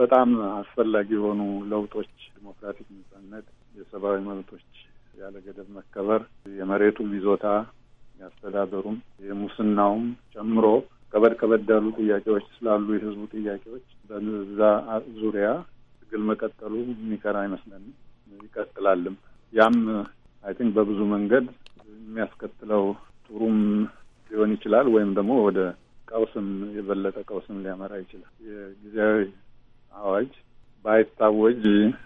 በጣም አስፈላጊ የሆኑ ለውጦች፣ ዲሞክራቲክ ነጻነት፣ የሰብአዊ መብቶች ያለ ገደብ መከበር፣ የመሬቱም ይዞታ ያስተዳደሩም የሙስናውም ጨምሮ ከበድ ከበድ ያሉ ጥያቄዎች ስላሉ የህዝቡ ጥያቄዎች በዛ ዙሪያ ትግል መቀጠሉ የሚቀር አይመስለንም፣ ይቀጥላልም። ያም አይ ቲንክ በብዙ መንገድ የሚያስከትለው ጥሩም ሊሆን ይችላል ወይም ደግሞ ወደ ቀውስም የበለጠ ቀውስም ሊያመራ ይችላል። የጊዜያዊ አዋጅ ባይታወጅ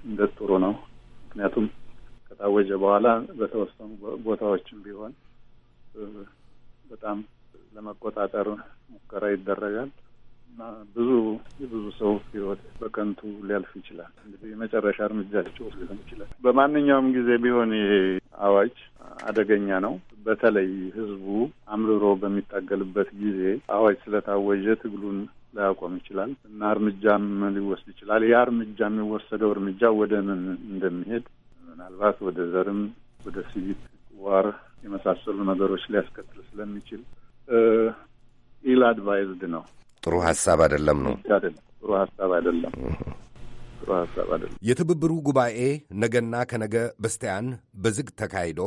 እንደ ጥሩ ነው። ምክንያቱም ከታወጀ በኋላ በተወሰኑ ቦታዎችም ቢሆን በጣም ለመቆጣጠር ሙከራ ይደረጋል። እና ብዙ ብዙ ሰው ህይወት በከንቱ ሊያልፍ ይችላል። እንግዲህ የመጨረሻ እርምጃቸው ሊሆን ይችላል። በማንኛውም ጊዜ ቢሆን ይሄ አዋጅ አደገኛ ነው። በተለይ ህዝቡ አምርሮ በሚታገልበት ጊዜ አዋጅ ስለታወጀ ትግሉን ላያቆም ይችላል እና እርምጃም ሊወስድ ይችላል። ያ እርምጃ የሚወሰደው እርምጃ ወደ ምን እንደሚሄድ ምናልባት ወደ ዘርም ወደ ሲቪክ ዋር የመሳሰሉ ነገሮች ሊያስከትል ስለሚችል ኢል አድቫይዝድ ነው። ጥሩ ሀሳብ አይደለም ነው። ጥሩ ሀሳብ አይደለም። የትብብሩ ጉባኤ ነገና ከነገ በስቲያን በዝግ ተካሂዶ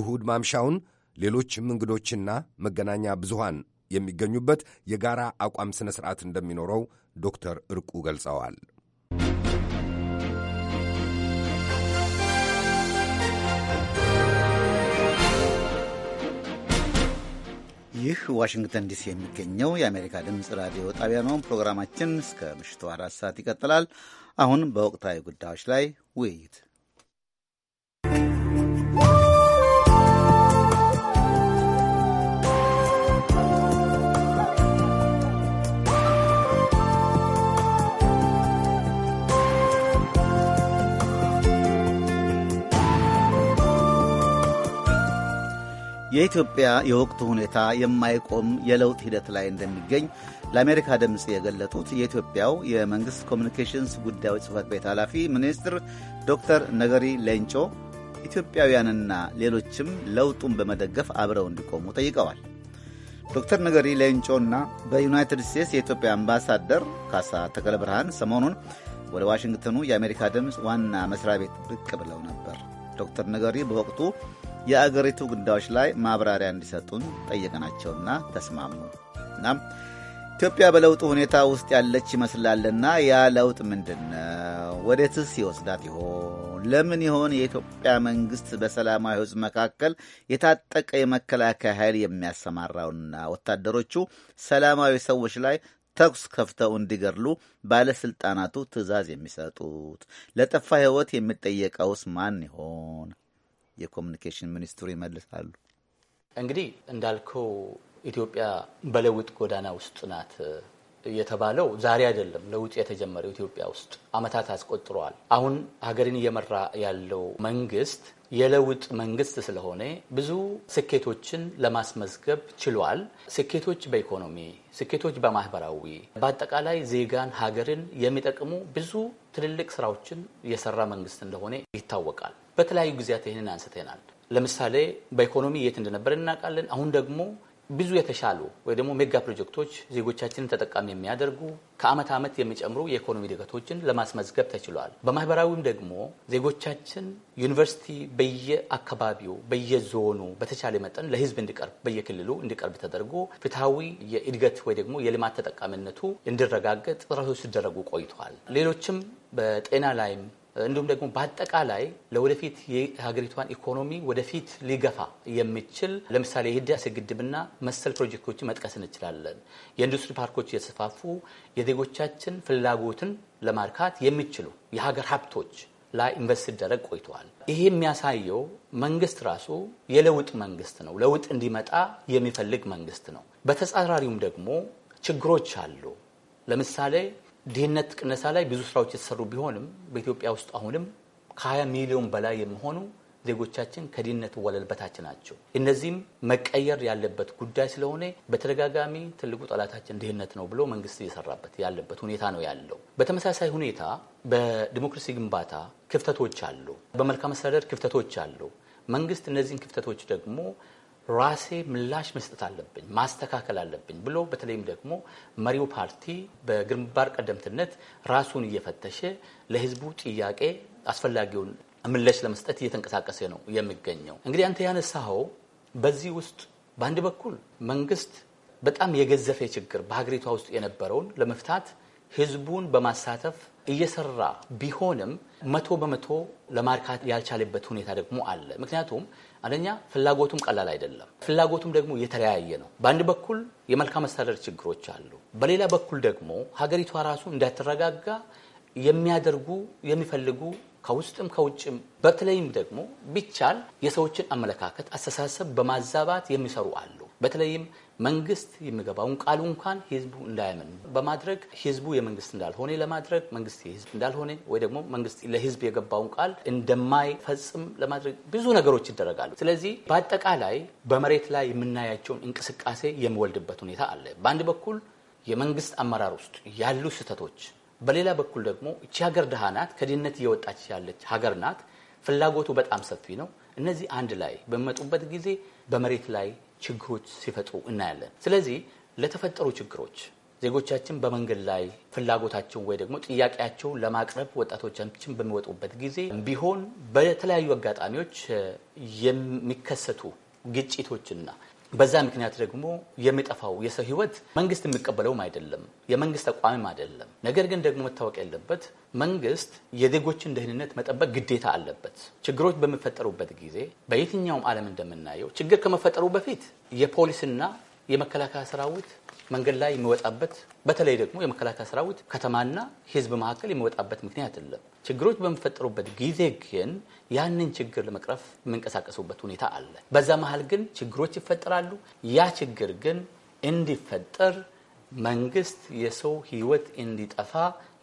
እሁድ ማምሻውን ሌሎችም እንግዶችና መገናኛ ብዙሃን የሚገኙበት የጋራ አቋም ስነ ስርዓት እንደሚኖረው ዶክተር እርቁ ገልጸዋል። ይህ ዋሽንግተን ዲሲ የሚገኘው የአሜሪካ ድምፅ ራዲዮ ጣቢያ ነው። ፕሮግራማችን እስከ ምሽቱ አራት ሰዓት ይቀጥላል። አሁን በወቅታዊ ጉዳዮች ላይ ውይይት የኢትዮጵያ የወቅቱ ሁኔታ የማይቆም የለውጥ ሂደት ላይ እንደሚገኝ ለአሜሪካ ድምፅ የገለጡት የኢትዮጵያው የመንግሥት ኮሚኒኬሽንስ ጉዳዮች ጽህፈት ቤት ኃላፊ ሚኒስትር ዶክተር ነገሪ ሌንጮ ኢትዮጵያውያንና ሌሎችም ለውጡን በመደገፍ አብረው እንዲቆሙ ጠይቀዋል። ዶክተር ነገሪ ሌንጮና በዩናይትድ ስቴትስ የኢትዮጵያ አምባሳደር ካሳ ተክለ ብርሃን ሰሞኑን ወደ ዋሽንግተኑ የአሜሪካ ድምፅ ዋና መስሪያ ቤት ብቅ ብለው ነበር። ዶክተር ነገሪ በወቅቱ የአገሪቱ ጉዳዮች ላይ ማብራሪያ እንዲሰጡን ጠየቅናቸውና ተስማሙ። እናም ኢትዮጵያ በለውጡ ሁኔታ ውስጥ ያለች ይመስላልና ያ ለውጥ ምንድን ነው? ወዴትስ ይወስዳት ይሆን? ለምን ይሆን የኢትዮጵያ መንግስት በሰላማዊ ሕዝብ መካከል የታጠቀ የመከላከያ ኃይል የሚያሰማራውና ወታደሮቹ ሰላማዊ ሰዎች ላይ ተኩስ ከፍተው እንዲገድሉ ባለስልጣናቱ ትዕዛዝ የሚሰጡት ለጠፋ ሕይወት የሚጠየቀውስ ማን ይሆን? የኮሚኒኬሽን ሚኒስትሩ ይመልሳሉ። እንግዲህ እንዳልከው ኢትዮጵያ በለውጥ ጎዳና ውስጥ ናት የተባለው ዛሬ አይደለም። ለውጥ የተጀመረው ኢትዮጵያ ውስጥ አመታት አስቆጥረዋል። አሁን ሀገርን እየመራ ያለው መንግስት የለውጥ መንግስት ስለሆነ ብዙ ስኬቶችን ለማስመዝገብ ችሏል። ስኬቶች በኢኮኖሚ ስኬቶች በማህበራዊ በአጠቃላይ ዜጋን፣ ሀገርን የሚጠቅሙ ብዙ ትልልቅ ስራዎችን የሰራ መንግስት እንደሆነ ይታወቃል። በተለያዩ ጊዜያት ይህንን አንስተናል። ለምሳሌ በኢኮኖሚ የት እንደነበር እናውቃለን። አሁን ደግሞ ብዙ የተሻሉ ወይ ደግሞ ሜጋ ፕሮጀክቶች ዜጎቻችንን ተጠቃሚ የሚያደርጉ ከአመት ዓመት የሚጨምሩ የኢኮኖሚ እድገቶችን ለማስመዝገብ ተችሏል። በማህበራዊም ደግሞ ዜጎቻችን ዩኒቨርሲቲ በየአካባቢው በየዞኑ በተቻለ መጠን ለህዝብ እንዲቀርብ በየክልሉ እንዲቀርብ ተደርጎ ፍትሐዊ የእድገት ወይ ደግሞ የልማት ተጠቃሚነቱ እንዲረጋገጥ ጥረቶች ሲደረጉ ቆይተዋል። ሌሎችም በጤና ላይም እንዲሁም ደግሞ በአጠቃላይ ለወደፊት የሀገሪቷን ኢኮኖሚ ወደፊት ሊገፋ የሚችል ለምሳሌ የህዳሴ ግድብና መሰል ፕሮጀክቶችን መጥቀስ እንችላለን። የኢንዱስትሪ ፓርኮች የተስፋፉ የዜጎቻችን ፍላጎትን ለማርካት የሚችሉ የሀገር ሀብቶች ላይ ኢንቨስት ሲደረግ ቆይተዋል። ይሄ የሚያሳየው መንግስት ራሱ የለውጥ መንግስት ነው። ለውጥ እንዲመጣ የሚፈልግ መንግስት ነው። በተጻራሪውም ደግሞ ችግሮች አሉ። ለምሳሌ ድህነት ቅነሳ ላይ ብዙ ስራዎች የተሰሩ ቢሆንም በኢትዮጵያ ውስጥ አሁንም ከ20 ሚሊዮን በላይ የሚሆኑ ዜጎቻችን ከድህነት ወለል በታች ናቸው። እነዚህም መቀየር ያለበት ጉዳይ ስለሆነ በተደጋጋሚ ትልቁ ጠላታችን ድህነት ነው ብሎ መንግስት እየሰራበት ያለበት ሁኔታ ነው ያለው። በተመሳሳይ ሁኔታ በዲሞክራሲ ግንባታ ክፍተቶች አሉ፣ በመልካም አስተዳደር ክፍተቶች አሉ። መንግስት እነዚህን ክፍተቶች ደግሞ ራሴ ምላሽ መስጠት አለብኝ፣ ማስተካከል አለብኝ ብሎ በተለይም ደግሞ መሪው ፓርቲ በግንባር ቀደምትነት ራሱን እየፈተሸ ለህዝቡ ጥያቄ አስፈላጊውን ምላሽ ለመስጠት እየተንቀሳቀሰ ነው የሚገኘው። እንግዲህ አንተ ያነሳኸው በዚህ ውስጥ በአንድ በኩል መንግስት በጣም የገዘፈ ችግር በሀገሪቷ ውስጥ የነበረውን ለመፍታት ህዝቡን በማሳተፍ እየሰራ ቢሆንም መቶ በመቶ ለማርካት ያልቻለበት ሁኔታ ደግሞ አለ። ምክንያቱም አንደኛ ፍላጎቱም ቀላል አይደለም። ፍላጎቱም ደግሞ የተለያየ ነው። በአንድ በኩል የመልካም አስተዳደር ችግሮች አሉ። በሌላ በኩል ደግሞ ሀገሪቷ ራሱ እንዳትረጋጋ የሚያደርጉ የሚፈልጉ ከውስጥም ከውጭም በተለይም ደግሞ ቢቻል የሰዎችን አመለካከት፣ አስተሳሰብ በማዛባት የሚሰሩ አሉ። በተለይም መንግስት የሚገባውን ቃሉ እንኳን ህዝቡ እንዳያምን በማድረግ ህዝቡ የመንግስት እንዳልሆነ ለማድረግ መንግስት የህዝብ እንዳልሆነ ወይ ደግሞ መንግስት ለህዝብ የገባውን ቃል እንደማይፈጽም ለማድረግ ብዙ ነገሮች ይደረጋሉ። ስለዚህ በአጠቃላይ በመሬት ላይ የምናያቸውን እንቅስቃሴ የሚወልድበት ሁኔታ አለ። በአንድ በኩል የመንግስት አመራር ውስጥ ያሉ ስህተቶች፣ በሌላ በኩል ደግሞ እቺ ሀገር ድሃ ናት፣ ከድህነት እየወጣች ያለች ሀገር ናት። ፍላጎቱ በጣም ሰፊ ነው። እነዚህ አንድ ላይ በሚመጡበት ጊዜ በመሬት ላይ ችግሮች ሲፈጥሩ እናያለን። ስለዚህ ለተፈጠሩ ችግሮች ዜጎቻችን በመንገድ ላይ ፍላጎታቸው ወይ ደግሞ ጥያቄያቸው ለማቅረብ ወጣቶቻችን በሚወጡበት ጊዜ ቢሆን በተለያዩ አጋጣሚዎች የሚከሰቱ ግጭቶችና በዛ ምክንያት ደግሞ የሚጠፋው የሰው ህይወት መንግስት የሚቀበለውም አይደለም፣ የመንግስት ተቋምም አይደለም። ነገር ግን ደግሞ መታወቅ ያለበት መንግስት የዜጎችን ደህንነት መጠበቅ ግዴታ አለበት። ችግሮች በሚፈጠሩበት ጊዜ በየትኛውም ዓለም እንደምናየው ችግር ከመፈጠሩ በፊት የፖሊስና የመከላከያ ሰራዊት መንገድ ላይ የሚወጣበት በተለይ ደግሞ የመከላከያ ሰራዊት ከተማና ህዝብ መካከል የሚወጣበት ምክንያት የለም። ችግሮች በሚፈጠሩበት ጊዜ ግን ያንን ችግር ለመቅረፍ የምንቀሳቀሱበት ሁኔታ አለ። በዛ መሀል ግን ችግሮች ይፈጠራሉ። ያ ችግር ግን እንዲፈጠር መንግስት የሰው ህይወት እንዲጠፋ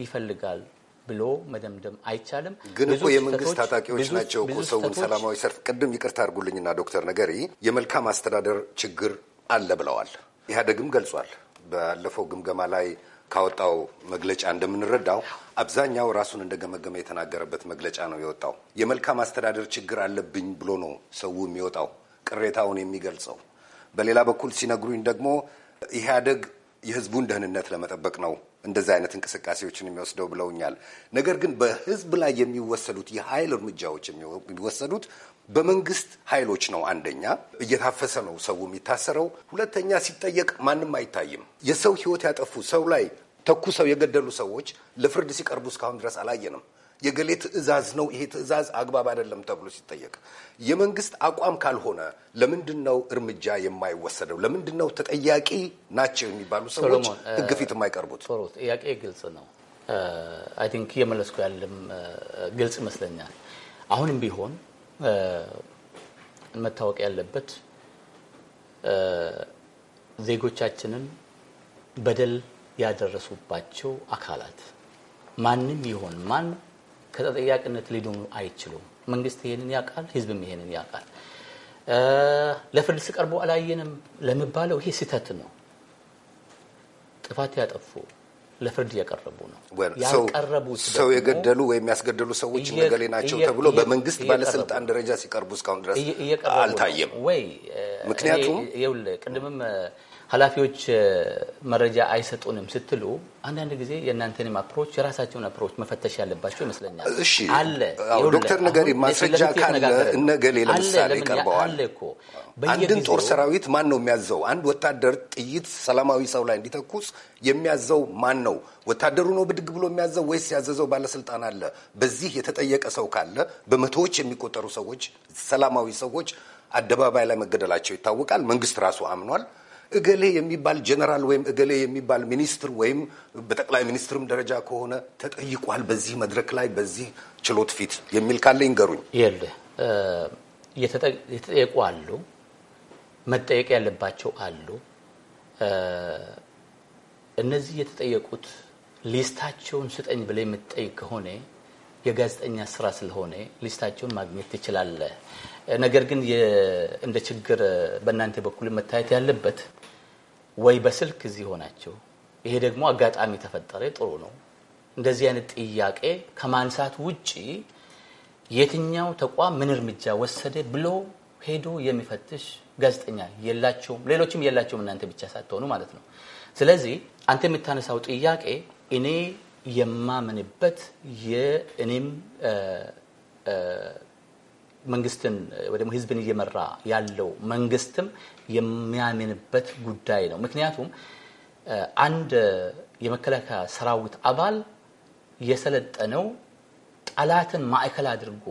ይፈልጋል ብሎ መደምደም አይቻልም። ግን እኮ የመንግስት ታጣቂዎች ናቸው እኮ ሰውን ሰላማዊ ሰልፍ ቅድም ይቅርታ አድርጉልኝና ዶክተር ነገሪ የመልካም አስተዳደር ችግር አለ ብለዋል። ኢህአደግም ገልጿል። ባለፈው ግምገማ ላይ ካወጣው መግለጫ እንደምንረዳው አብዛኛው ራሱን እንደገመገመ የተናገረበት መግለጫ ነው የወጣው። የመልካም አስተዳደር ችግር አለብኝ ብሎ ነው ሰው የሚወጣው ቅሬታውን የሚገልጸው። በሌላ በኩል ሲነግሩኝ ደግሞ ኢህአደግ የህዝቡን ደህንነት ለመጠበቅ ነው እንደዚህ አይነት እንቅስቃሴዎችን የሚወስደው ብለውኛል። ነገር ግን በህዝብ ላይ የሚወሰዱት የኃይል እርምጃዎች የሚወሰዱት በመንግስት ኃይሎች ነው። አንደኛ እየታፈሰ ነው ሰው የሚታሰረው። ሁለተኛ ሲጠየቅ ማንም አይታይም። የሰው ህይወት ያጠፉ ሰው ላይ ተኩሰው የገደሉ ሰዎች ለፍርድ ሲቀርቡ እስካሁን ድረስ አላየንም። የገሌ ትዕዛዝ ነው፣ ይሄ ትዕዛዝ አግባብ አይደለም ተብሎ ሲጠየቅ የመንግስት አቋም ካልሆነ ለምንድን ነው እርምጃ የማይወሰደው? ለምንድን ነው ተጠያቂ ናቸው የሚባሉ ሰዎች ህግ ፊት የማይቀርቡት? ጥያቄ ግልጽ ነው። አይ ቲንክ እየመለስኩ ያለም ግልጽ ይመስለኛል። አሁንም ቢሆን መታወቅ ያለበት ዜጎቻችንን በደል ያደረሱባቸው አካላት ማንም ይሆን ማን ከተጠያቂነት ሊድኑ አይችሉም። መንግስት ይሄንን ያውቃል፣ ህዝብም ይሄንን ያውቃል። ለፍርድ ሲቀርቡ አላየንም ለሚባለው ይሄ ስህተት ነው። ጥፋት ያጠፉ ለፍርድ እያቀረቡ ነው። ያቀረቡ ሰው የገደሉ ወይም ያስገደሉ ሰዎች ነገሌ ናቸው ተብሎ በመንግስት ባለስልጣን ደረጃ ሲቀርቡ እስካሁን ድረስ አልታየም ወይ? ምክንያቱም ይኸውልህ ቅድምም ኃላፊዎች መረጃ አይሰጡንም ስትሉ አንዳንድ ጊዜ የእናንተንም አፕሮች የራሳቸውን አፕሮች መፈተሽ ያለባቸው ይመስለኛል። እሺ አለ ዶክተር ነገሪ ማስረጃ ካለ እነገሌ ለምሳሌ ቀርበዋል እኮ አንድን ጦር ሰራዊት ማን ነው የሚያዘው? አንድ ወታደር ጥይት ሰላማዊ ሰው ላይ እንዲተኩስ የሚያዘው ማን ነው? ወታደሩ ነው ብድግ ብሎ የሚያዘው ወይስ ያዘዘው ባለስልጣን አለ? በዚህ የተጠየቀ ሰው ካለ በመቶዎች የሚቆጠሩ ሰዎች ሰላማዊ ሰዎች አደባባይ ላይ መገደላቸው ይታወቃል። መንግስት ራሱ አምኗል። እገሌ የሚባል ጀነራል ወይም እገሌ የሚባል ሚኒስትር ወይም በጠቅላይ ሚኒስትርም ደረጃ ከሆነ ተጠይቋል በዚህ መድረክ ላይ በዚህ ችሎት ፊት የሚል ካለ ይንገሩኝ። የለ የተጠየቁ አሉ፣ መጠየቅ ያለባቸው አሉ። እነዚህ የተጠየቁት ሊስታቸውን ስጠኝ ብለ የምትጠይቅ ከሆነ የጋዜጠኛ ስራ ስለሆነ ሊስታቸውን ማግኘት ትችላለህ። ነገር ግን እንደ ችግር በእናንተ በኩል መታየት ያለበት ወይ በስልክ እዚህ ሆናችሁ ይሄ ደግሞ አጋጣሚ ተፈጠረ ጥሩ ነው። እንደዚህ አይነት ጥያቄ ከማንሳት ውጪ የትኛው ተቋም ምን እርምጃ ወሰደ ብሎ ሄዶ የሚፈትሽ ጋዜጠኛ የላቸውም፣ ሌሎችም የላቸውም፣ እናንተ ብቻ ሳትሆኑ ማለት ነው። ስለዚህ አንተ የምታነሳው ጥያቄ እኔ የማምንበት የእኔም መንግስትን ወይ ደግሞ ህዝብን እየመራ ያለው መንግስትም የሚያምንበት ጉዳይ ነው። ምክንያቱም አንድ የመከላከያ ሰራዊት አባል የሰለጠነው ጠላትን ማዕከል አድርጎ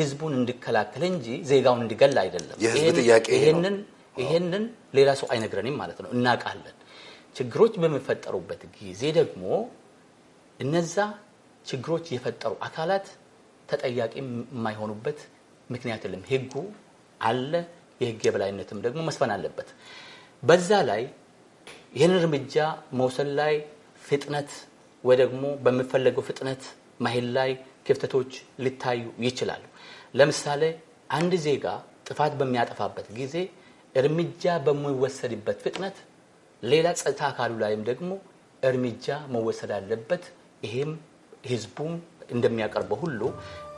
ህዝቡን እንዲከላከል እንጂ ዜጋውን እንዲገል አይደለም። የህዝብ ጥያቄ ይሄንን ይሄንን ሌላ ሰው አይነግረንም ማለት ነው። እናውቃለን። ችግሮች በሚፈጠሩበት ጊዜ ደግሞ እነዛ ችግሮች የፈጠሩ አካላት ተጠያቂ የማይሆኑበት ምክንያት የለም። ህጉ አለ። የህግ የበላይነትም ደግሞ መስፈን አለበት። በዛ ላይ ይህን እርምጃ መውሰድ ላይ ፍጥነት ወይ ደግሞ በሚፈለገው ፍጥነት መሄድ ላይ ክፍተቶች ሊታዩ ይችላሉ። ለምሳሌ አንድ ዜጋ ጥፋት በሚያጠፋበት ጊዜ እርምጃ በሚወሰድበት ፍጥነት ሌላ ጸጥታ አካሉ ላይም ደግሞ እርምጃ መወሰድ አለበት። ይህም ህዝቡም እንደሚያቀርበው ሁሉ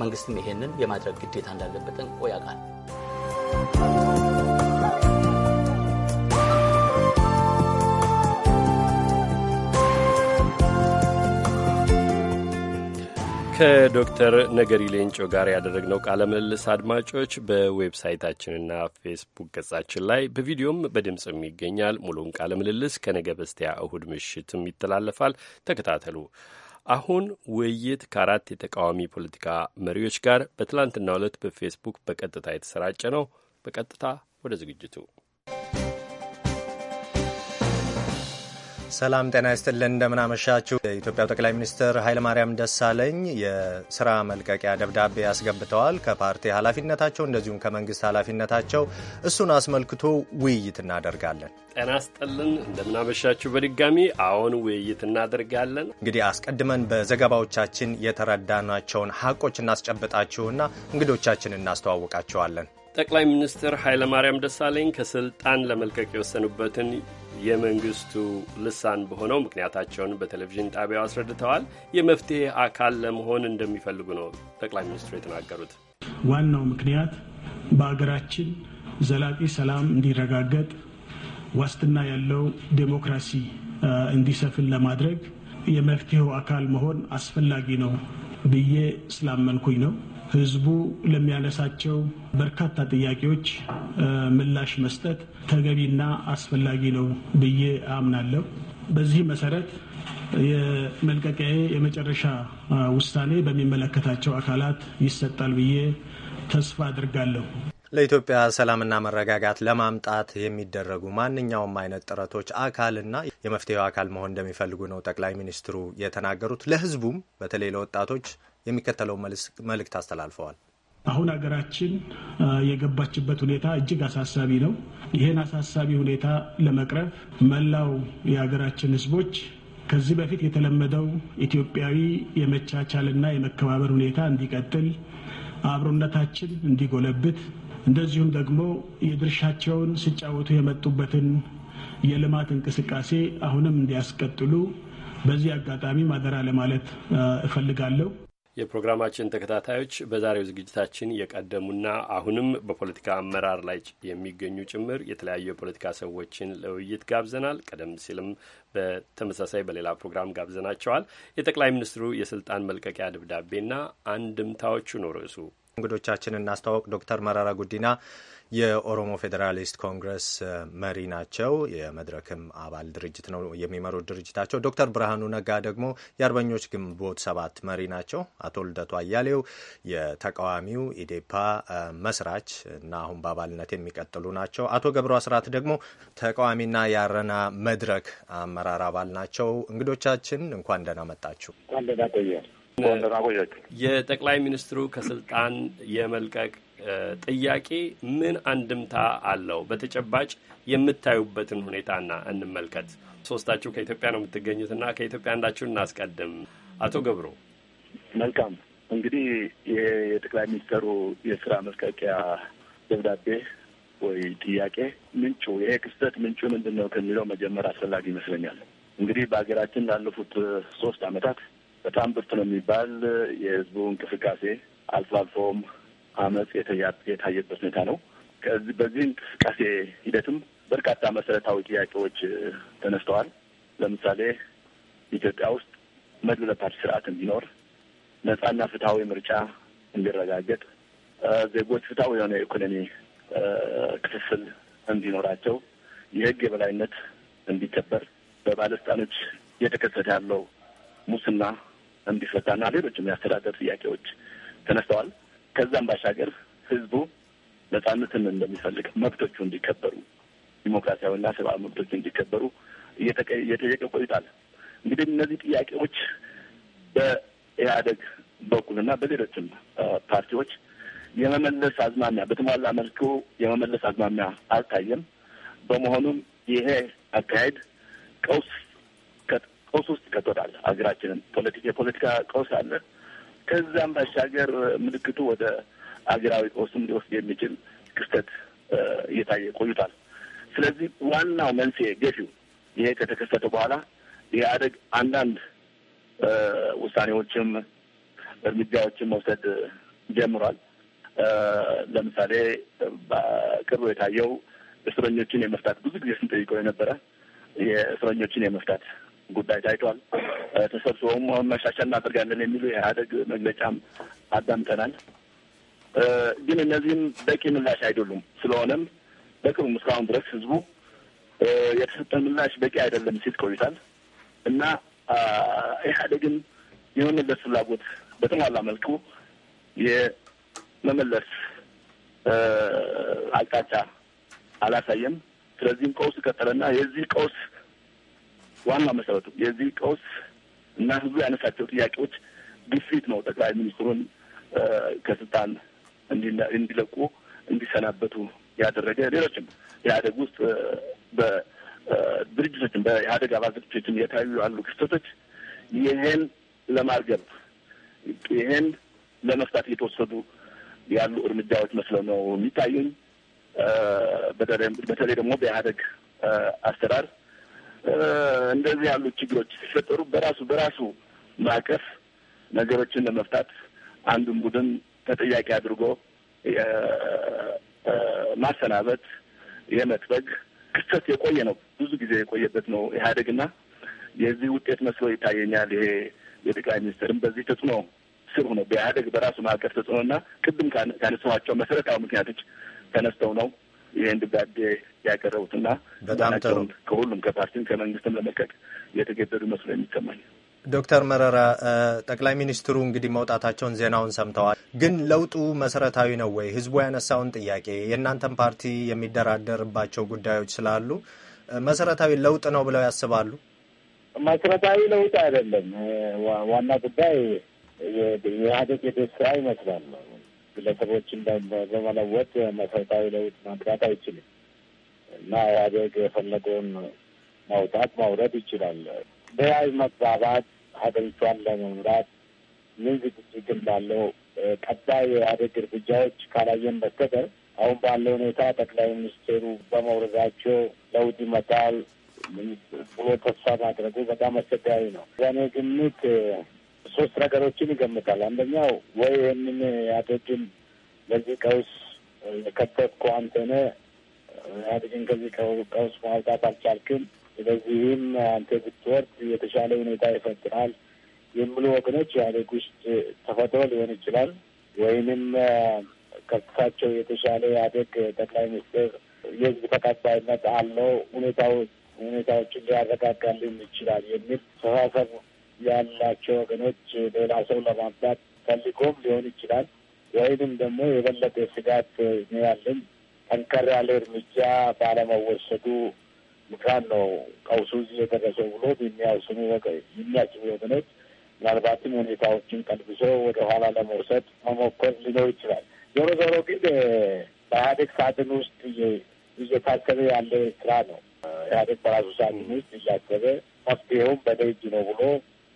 መንግስትም ይሄንን የማድረግ ግዴታ እንዳለበት ያውቃል። ከዶክተር ነገሪ ሌንጮ ጋር ያደረግነው ቃለ ምልልስ አድማጮች በዌብሳይታችንና ፌስቡክ ገጻችን ላይ በቪዲዮም በድምፅም ይገኛል። ሙሉውን ቃለ ምልልስ ከነገ በስቲያ እሁድ ምሽትም ይተላለፋል። ተከታተሉ። አሁን ውይይት ከአራት የተቃዋሚ ፖለቲካ መሪዎች ጋር በትላንትና ዕለት በፌስቡክ በቀጥታ የተሰራጨ ነው። በቀጥታ ወደ ዝግጅቱ ሰላም ጤና ይስጥልን። እንደምናመሻችሁ። የኢትዮጵያው ጠቅላይ ሚኒስትር ኃይለማርያም ደሳለኝ የስራ መልቀቂያ ደብዳቤ አስገብተዋል። ከፓርቲ ኃላፊነታቸው እንደዚሁም ከመንግስት ኃላፊነታቸው እሱን አስመልክቶ ውይይት እናደርጋለን። ጤና ይስጥልን። እንደምናመሻችሁ በድጋሚ አሁን ውይይት እናደርጋለን። እንግዲህ አስቀድመን በዘገባዎቻችን የተረዳናቸውን ሀቆች እናስጨብጣችሁና እንግዶቻችን እናስተዋውቃችኋለን። ጠቅላይ ሚኒስትር ኃይለማርያም ደሳለኝ ከስልጣን ለመልቀቅ የወሰኑበትን የመንግስቱ ልሳን በሆነው ምክንያታቸውን በቴሌቪዥን ጣቢያው አስረድተዋል። የመፍትሄ አካል ለመሆን እንደሚፈልጉ ነው ጠቅላይ ሚኒስትሩ የተናገሩት። ዋናው ምክንያት በሀገራችን ዘላቂ ሰላም እንዲረጋገጥ ዋስትና ያለው ዴሞክራሲ እንዲሰፍን ለማድረግ የመፍትሄው አካል መሆን አስፈላጊ ነው ብዬ ስላመንኩኝ ነው። ህዝቡ ለሚያነሳቸው በርካታ ጥያቄዎች ምላሽ መስጠት ተገቢና አስፈላጊ ነው ብዬ አምናለሁ። በዚህ መሰረት የመልቀቂያዬ የመጨረሻ ውሳኔ በሚመለከታቸው አካላት ይሰጣል ብዬ ተስፋ አድርጋለሁ። ለኢትዮጵያ ሰላምና መረጋጋት ለማምጣት የሚደረጉ ማንኛውም አይነት ጥረቶች አካልና የመፍትሄው አካል መሆን እንደሚፈልጉ ነው ጠቅላይ ሚኒስትሩ የተናገሩት። ለህዝቡም በተለይ ለወጣቶች የሚከተለው መልእክት አስተላልፈዋል። አሁን ሀገራችን የገባችበት ሁኔታ እጅግ አሳሳቢ ነው። ይህን አሳሳቢ ሁኔታ ለመቅረፍ መላው የሀገራችን ህዝቦች ከዚህ በፊት የተለመደው ኢትዮጵያዊ የመቻቻልና የመከባበር ሁኔታ እንዲቀጥል፣ አብሮነታችን እንዲጎለብት፣ እንደዚሁም ደግሞ የድርሻቸውን ሲጫወቱ የመጡበትን የልማት እንቅስቃሴ አሁንም እንዲያስቀጥሉ በዚህ አጋጣሚ ማደራ ለማለት እፈልጋለሁ። የፕሮግራማችን ተከታታዮች በዛሬው ዝግጅታችን የቀደሙና አሁንም በፖለቲካ አመራር ላይ የሚገኙ ጭምር የተለያዩ የፖለቲካ ሰዎችን ለውይይት ጋብዘናል። ቀደም ሲልም በተመሳሳይ በሌላ ፕሮግራም ጋብዘናቸዋል። የጠቅላይ ሚኒስትሩ የስልጣን መልቀቂያ ደብዳቤና አንድምታዎቹ ነው ርዕሱ። እንግዶቻችን እናስተዋወቅ። ዶክተር መራራ ጉዲና የኦሮሞ ፌዴራሊስት ኮንግረስ መሪ ናቸው። የመድረክም አባል ድርጅት ነው የሚመሩት ድርጅታቸው። ዶክተር ብርሃኑ ነጋ ደግሞ የአርበኞች ግንቦት ሰባት መሪ ናቸው። አቶ ልደቱ አያሌው የተቃዋሚው ኢዴፓ መስራች እና አሁን በአባልነት የሚቀጥሉ ናቸው። አቶ ገብሩ አስራት ደግሞ ተቃዋሚና የአረና መድረክ አመራር አባል ናቸው። እንግዶቻችን እንኳን ደህና መጣችሁ። የጠቅላይ ሚኒስትሩ ከስልጣን የመልቀቅ ጥያቄ ምን አንድምታ አለው? በተጨባጭ የምታዩበትን ሁኔታና እንመልከት። ሶስታችሁ ከኢትዮጵያ ነው የምትገኙትና ከኢትዮጵያ አንዳችሁ እናስቀድም። አቶ ገብሮ መልካም። እንግዲህ የጠቅላይ ሚኒስትሩ የስራ መልቀቂያ ደብዳቤ ወይ ጥያቄ ምንጩ ይሄ ክስተት ምንጩ ምንድን ነው ከሚለው መጀመር አስፈላጊ ይመስለኛል። እንግዲህ በሀገራችን ላለፉት ሶስት አመታት በጣም ብርቱ ነው የሚባል የህዝቡ እንቅስቃሴ አልፎ አልፎም አመፅ የታየበት ሁኔታ ነው። ከዚህ በዚህ እንቅስቃሴ ሂደትም በርካታ መሰረታዊ ጥያቄዎች ተነስተዋል። ለምሳሌ ኢትዮጵያ ውስጥ መድበለ ፓርቲ ስርዓት እንዲኖር፣ ነጻና ፍትሐዊ ምርጫ እንዲረጋገጥ፣ ዜጎች ፍትሐዊ የሆነ የኢኮኖሚ ክፍፍል እንዲኖራቸው፣ የህግ የበላይነት እንዲከበር፣ በባለስልጣኖች እየተከሰተ ያለው ሙስና እንዲፈታና ሌሎችም የአስተዳደር ጥያቄዎች ተነስተዋል። ከዛም ባሻገር ህዝቡ ነጻነትን እንደሚፈልግ መብቶቹ እንዲከበሩ ዲሞክራሲያዊና ሰብአዊ መብቶቹ እንዲከበሩ እየጠየቀ ቆይቷል። እንግዲህ እነዚህ ጥያቄዎች በኢህአደግ በኩልና በሌሎችም ፓርቲዎች የመመለስ አዝማሚያ በተሟላ መልኩ የመመለስ አዝማሚያ አልታየም። በመሆኑም ይሄ አካሄድ ቀውስ ቀውስ ውስጥ ይከቶታል። ሀገራችንን የፖለቲካ ቀውስ አለ። ከዛም ባሻገር ምልክቱ ወደ አገራዊ ቀውስም ሊወስድ የሚችል ክስተት እየታየ ቆይቷል። ስለዚህ ዋናው መንስኤ ገፊው ይሄ ከተከሰተ በኋላ የአደግ አንዳንድ ውሳኔዎችም እርምጃዎችን መውሰድ ጀምሯል። ለምሳሌ በቅርቡ የታየው እስረኞችን የመፍታት ብዙ ጊዜ ስንጠይቀው የነበረ የእስረኞችን የመፍታት ጉዳይ ታይቷል። ተሰብስበውም አሁን መሻሻል እናደርጋለን የሚሉ የኢህአደግ መግለጫም አዳምጠናል። ግን እነዚህም በቂ ምላሽ አይደሉም። ስለሆነም በቅርቡም እስካሁን ድረስ ህዝቡ የተሰጠ ምላሽ በቂ አይደለም ሲል ቆይቷል እና ኢህአደግን የመመለስ ፍላጎት በተሟላ መልኩ የመመለስ አቅጣጫ አላሳየም። ስለዚህም ቀውስ ይቀጠለና የዚህ ቀውስ ዋናው መሰረቱ የዚህ ቀውስ እና ህዝቡ ያነሳቸው ጥያቄዎች ግፊት ነው ጠቅላይ ሚኒስትሩን ከስልጣን እንዲለቁ እንዲሰናበቱ ያደረገ። ሌሎችም የአደግ ውስጥ በድርጅቶችም በኢህአዴግ አባል ድርጅቶችም የታዩ ያሉ ክስተቶች ይህን ለማርገብ ይህን ለመፍታት እየተወሰዱ ያሉ እርምጃዎች መስለው ነው የሚታየኝ። በተለይ ደግሞ በኢህአዴግ አሰራር እንደዚህ ያሉ ችግሮች ሲፈጠሩ በራሱ በራሱ ማዕቀፍ ነገሮችን ለመፍታት አንዱን ቡድን ተጠያቂ አድርጎ ማሰናበት የመጥበግ ክስተት የቆየ ነው። ብዙ ጊዜ የቆየበት ነው ኢህአዴግና የዚህ ውጤት መስሎ ይታየኛል። ይሄ የጠቅላይ ሚኒስትርም በዚህ ተጽዕኖ ስር ሆኖ በኢህአዴግ በራሱ ማዕቀፍ ተጽዕኖና ቅድም ካነሳኋቸው መሰረታዊ ምክንያቶች ተነስተው ነው ይህን ድጋቤ ያቀረቡት በጣም ጥሩ ከሁሉም ከፓርቲም ከመንግስትም ለመልቀቅ የተገደዱ መስሎ የሚሰማኝ ዶክተር መረራ ጠቅላይ ሚኒስትሩ እንግዲህ መውጣታቸውን ዜናውን ሰምተዋል። ግን ለውጡ መሰረታዊ ነው ወይ? ህዝቡ ያነሳውን ጥያቄ የእናንተን ፓርቲ የሚደራደርባቸው ጉዳዮች ስላሉ መሰረታዊ ለውጥ ነው ብለው ያስባሉ? መሰረታዊ ለውጥ አይደለም። ዋና ጉዳይ የኢህአዴግ የቤት ይመስላል ግለሰቦችን በመለወጥ መሰረታዊ ለውጥ ማምጣት አይችልም እና ኢህአዴግ የፈለገውን ማውጣት ማውረድ ይችላል። ብሔራዊ መግባባት ሀገሪቷን ለመምራት ምን ዝግጅት እንዳለው ቀጣይ የኢህአዴግ እርምጃዎች ካላየን በስተቀር አሁን ባለው ሁኔታ ጠቅላይ ሚኒስትሩ በመውረዳቸው ለውጥ ይመጣል ብሎ ተስፋ ማድረጉ በጣም አስቸጋሪ ነው። በእኔ ግምት ሶስት ነገሮችን ይገምታል። አንደኛው ወይ ይህንን ኢህአዴግን ለዚህ ቀውስ የከተትኩ አንተ ኢህአዴግን ከዚህ ቀውስ ማውጣት አልቻልክም፣ ስለዚህም አንተ ብትወርድ የተሻለ ሁኔታ ይፈጥራል የሚሉ ወገኖች ኢህአዴግ ውስጥ ተፈጥሮ ሊሆን ይችላል ወይንም ከሳቸው የተሻለ ኢህአዴግ ጠቅላይ ሚኒስትር የህዝብ ተቀባይነት አለው ሁኔታዎች ሁኔታዎችን ሊያረጋጋልን ይችላል የሚል ተሳሰብ ያላቸው ወገኖች ሌላ ሰው ለማምጣት ፈልጎም ሊሆን ይችላል። ወይንም ደግሞ የበለጠ ስጋት ነው ያለኝ ጠንከር ያለ እርምጃ ባለመወሰዱ ምክንያት ነው ቀውሱ እዚህ የደረሰው ብሎ የሚያውስኑ የሚያስቡ ወገኖች ምናልባትም ሁኔታዎችን ቀልብሶ ወደ ኋላ ለመውሰድ መሞከር ሊኖር ይችላል። ዞሮ ዞሮ ግን በኢህአዴግ ሳጥን ውስጥ እየታሰበ ያለ ስራ ነው። ኢህአዴግ በራሱ ሳጥን ውስጥ እያሰበ መፍትሄውም በደጅ ነው ብሎ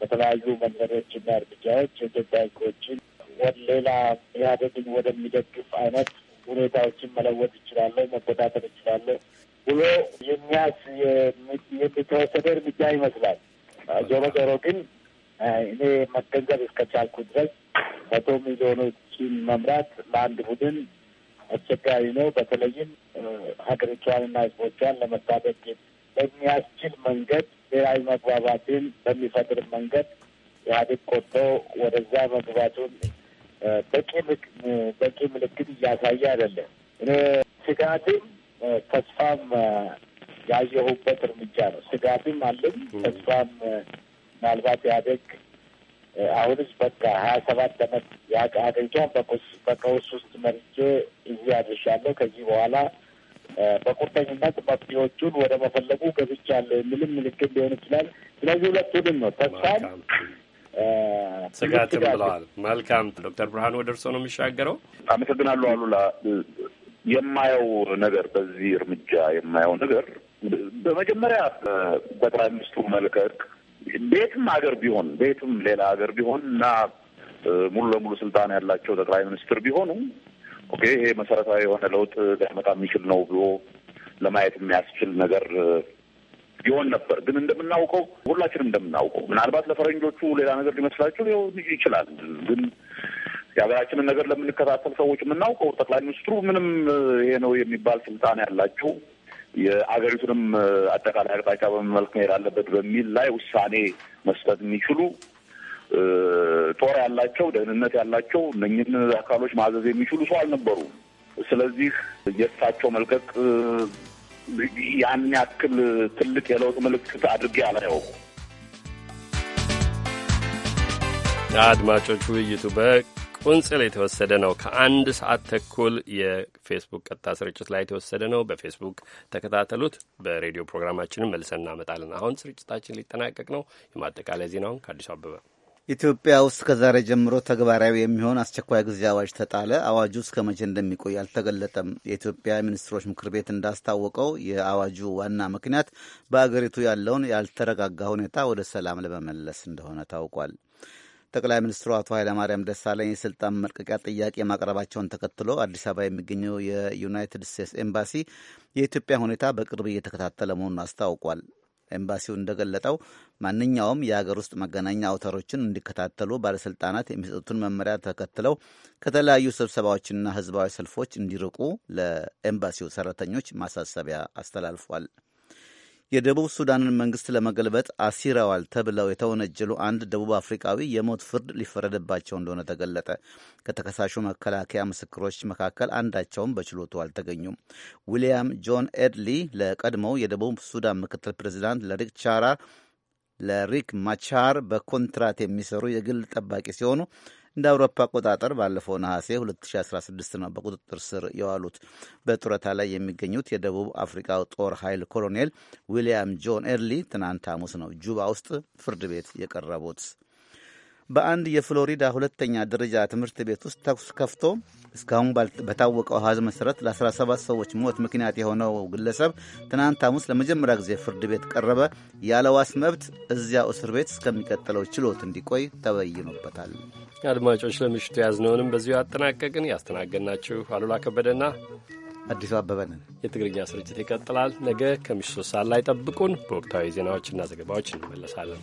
በተለያዩ መንገዶች እና እርምጃዎች የኢትዮጵያ ሕዝቦችን ወደ ሌላ ኢህአዴግን ወደሚደግፍ አይነት ሁኔታዎችን መለወጥ ይችላለሁ፣ መቆጣጠር ይችላለሁ ብሎ የሚያስ የሚተወሰደ እርምጃ ይመስላል። ዞሮ ዞሮ ግን እኔ መገንዘብ እስከቻልኩ ድረስ መቶ ሚሊዮኖችን መምራት ለአንድ ቡድን አስቸጋሪ ነው። በተለይም ሀገሪቷንና ህዝቦቿን ለመታደግ በሚያስችል መንገድ ብሔራዊ መግባባትን በሚፈጥር መንገድ ኢህአዴግ ቆጦ ወደዛ መግባቱን በቂ በቂ ምልክት እያሳየ አይደለም። እኔ ስጋትም ተስፋም ያየሁበት እርምጃ ነው። ስጋትም አለኝ፣ ተስፋም ምናልባት ኢህአዴግ አሁንስ በቃ ሀያ ሰባት ያቀ የሀገሪቷን በቀውስ ውስጥ መርጄ እዚህ አድርሻለሁ ከዚህ በኋላ በቁርጠኝነት መፍትሄዎቹን ወደ መፈለጉ ገብቻለሁ የሚልም ምልክት ሊሆን ይችላል። ስለዚህ ሁለቱንም ነው ተስፋም ስጋትም ብለዋል። መልካም ዶክተር ብርሃን ወደ እርስዎ ነው የሚሻገረው። አመሰግናለሁ አሉላ። የማየው ነገር በዚህ እርምጃ የማየው ነገር በመጀመሪያ በጠቅላይ ሚኒስትሩ መልቀቅ ቤትም ሀገር ቢሆን ቤትም ሌላ ሀገር ቢሆን እና ሙሉ ለሙሉ ስልጣን ያላቸው ጠቅላይ ሚኒስትር ቢሆኑ ኦኬ ይሄ መሰረታዊ የሆነ ለውጥ ሊያመጣ የሚችል ነው ብሎ ለማየት የሚያስችል ነገር ይሆን ነበር። ግን እንደምናውቀው ሁላችንም እንደምናውቀው ምናልባት ለፈረንጆቹ ሌላ ነገር ሊመስላቸው ይችላል። ግን የሀገራችንን ነገር ለምንከታተል ሰዎች የምናውቀው ጠቅላይ ሚኒስትሩ ምንም ይሄ ነው የሚባል ስልጣን ያላቸው የአገሪቱንም አጠቃላይ አቅጣጫ በመመልክ መሄድ አለበት በሚል ላይ ውሳኔ መስጠት የሚችሉ ጦር ያላቸው፣ ደህንነት ያላቸው እነኝን አካሎች ማዘዝ የሚችሉ ሰው አልነበሩም። ስለዚህ የእሳቸው መልቀቅ ያን ያክል ትልቅ የለውጥ ምልክት አድርጌ አላየው። አድማጮች ውይይቱ በቁንጽል የተወሰደ ነው። ከአንድ ሰዓት ተኩል የፌስቡክ ቀጥታ ስርጭት ላይ የተወሰደ ነው። በፌስቡክ ተከታተሉት። በሬዲዮ ፕሮግራማችንም መልሰን እናመጣለን። አሁን ስርጭታችን ሊጠናቀቅ ነው። የማጠቃለያ ዜናውን ከአዲሱ አበባ ኢትዮጵያ ውስጥ ከዛሬ ጀምሮ ተግባራዊ የሚሆን አስቸኳይ ጊዜ አዋጅ ተጣለ። አዋጁ እስከ መቼ እንደሚቆይ አልተገለጠም። የኢትዮጵያ ሚኒስትሮች ምክር ቤት እንዳስታወቀው የአዋጁ ዋና ምክንያት በአገሪቱ ያለውን ያልተረጋጋ ሁኔታ ወደ ሰላም ለመመለስ እንደሆነ ታውቋል። ጠቅላይ ሚኒስትሩ አቶ ኃይለማርያም ደሳለኝ የስልጣን መልቀቂያ ጥያቄ ማቅረባቸውን ተከትሎ አዲስ አበባ የሚገኘው የዩናይትድ ስቴትስ ኤምባሲ የኢትዮጵያ ሁኔታ በቅርብ እየተከታተለ መሆኑን አስታውቋል። ኤምባሲው እንደገለጠው ማንኛውም የሀገር ውስጥ መገናኛ አውታሮችን እንዲከታተሉ ባለስልጣናት የሚሰጡትን መመሪያ ተከትለው ከተለያዩ ስብሰባዎችና ህዝባዊ ሰልፎች እንዲርቁ ለኤምባሲው ሰራተኞች ማሳሰቢያ አስተላልፏል። የደቡብ ሱዳንን መንግስት ለመገልበጥ አሲረዋል ተብለው የተወነጀሉ አንድ ደቡብ አፍሪካዊ የሞት ፍርድ ሊፈረደባቸው እንደሆነ ተገለጠ። ከተከሳሹ መከላከያ ምስክሮች መካከል አንዳቸውም በችሎቱ አልተገኙም። ዊልያም ጆን ኤድሊ ለቀድሞው የደቡብ ሱዳን ምክትል ፕሬዚዳንት ለሪክ ቻራ ለሪክ ማቻር በኮንትራት የሚሰሩ የግል ጠባቂ ሲሆኑ እንደ አውሮፓ አቆጣጠር ባለፈው ነሐሴ 2016 ነው በቁጥጥር ስር የዋሉት። በጡረታ ላይ የሚገኙት የደቡብ አፍሪካው ጦር ኃይል ኮሎኔል ዊልያም ጆን ኤርሊ ትናንት ሐሙስ ነው ጁባ ውስጥ ፍርድ ቤት የቀረቡት። በአንድ የፍሎሪዳ ሁለተኛ ደረጃ ትምህርት ቤት ውስጥ ተኩስ ከፍቶ እስካሁን በታወቀው አሃዝ መሠረት ለ17 ሰዎች ሞት ምክንያት የሆነው ግለሰብ ትናንት ሐሙስ ለመጀመሪያ ጊዜ ፍርድ ቤት ቀረበ። ያለ ዋስ መብት እዚያው እስር ቤት እስከሚቀጥለው ችሎት እንዲቆይ ተበይኖበታል። አድማጮች፣ ለምሽቱ ያዝነውንም በዚሁ አጠናቀቅን። ያስተናገድናችሁ አሉላ ከበደና አዲሱ አበበንን። የትግርኛ ስርጭት ይቀጥላል። ነገ ከምሽቱ ሶስት ሰዓት ላይ ጠብቁን። በወቅታዊ ዜናዎችና ዘገባዎች እንመለሳለን።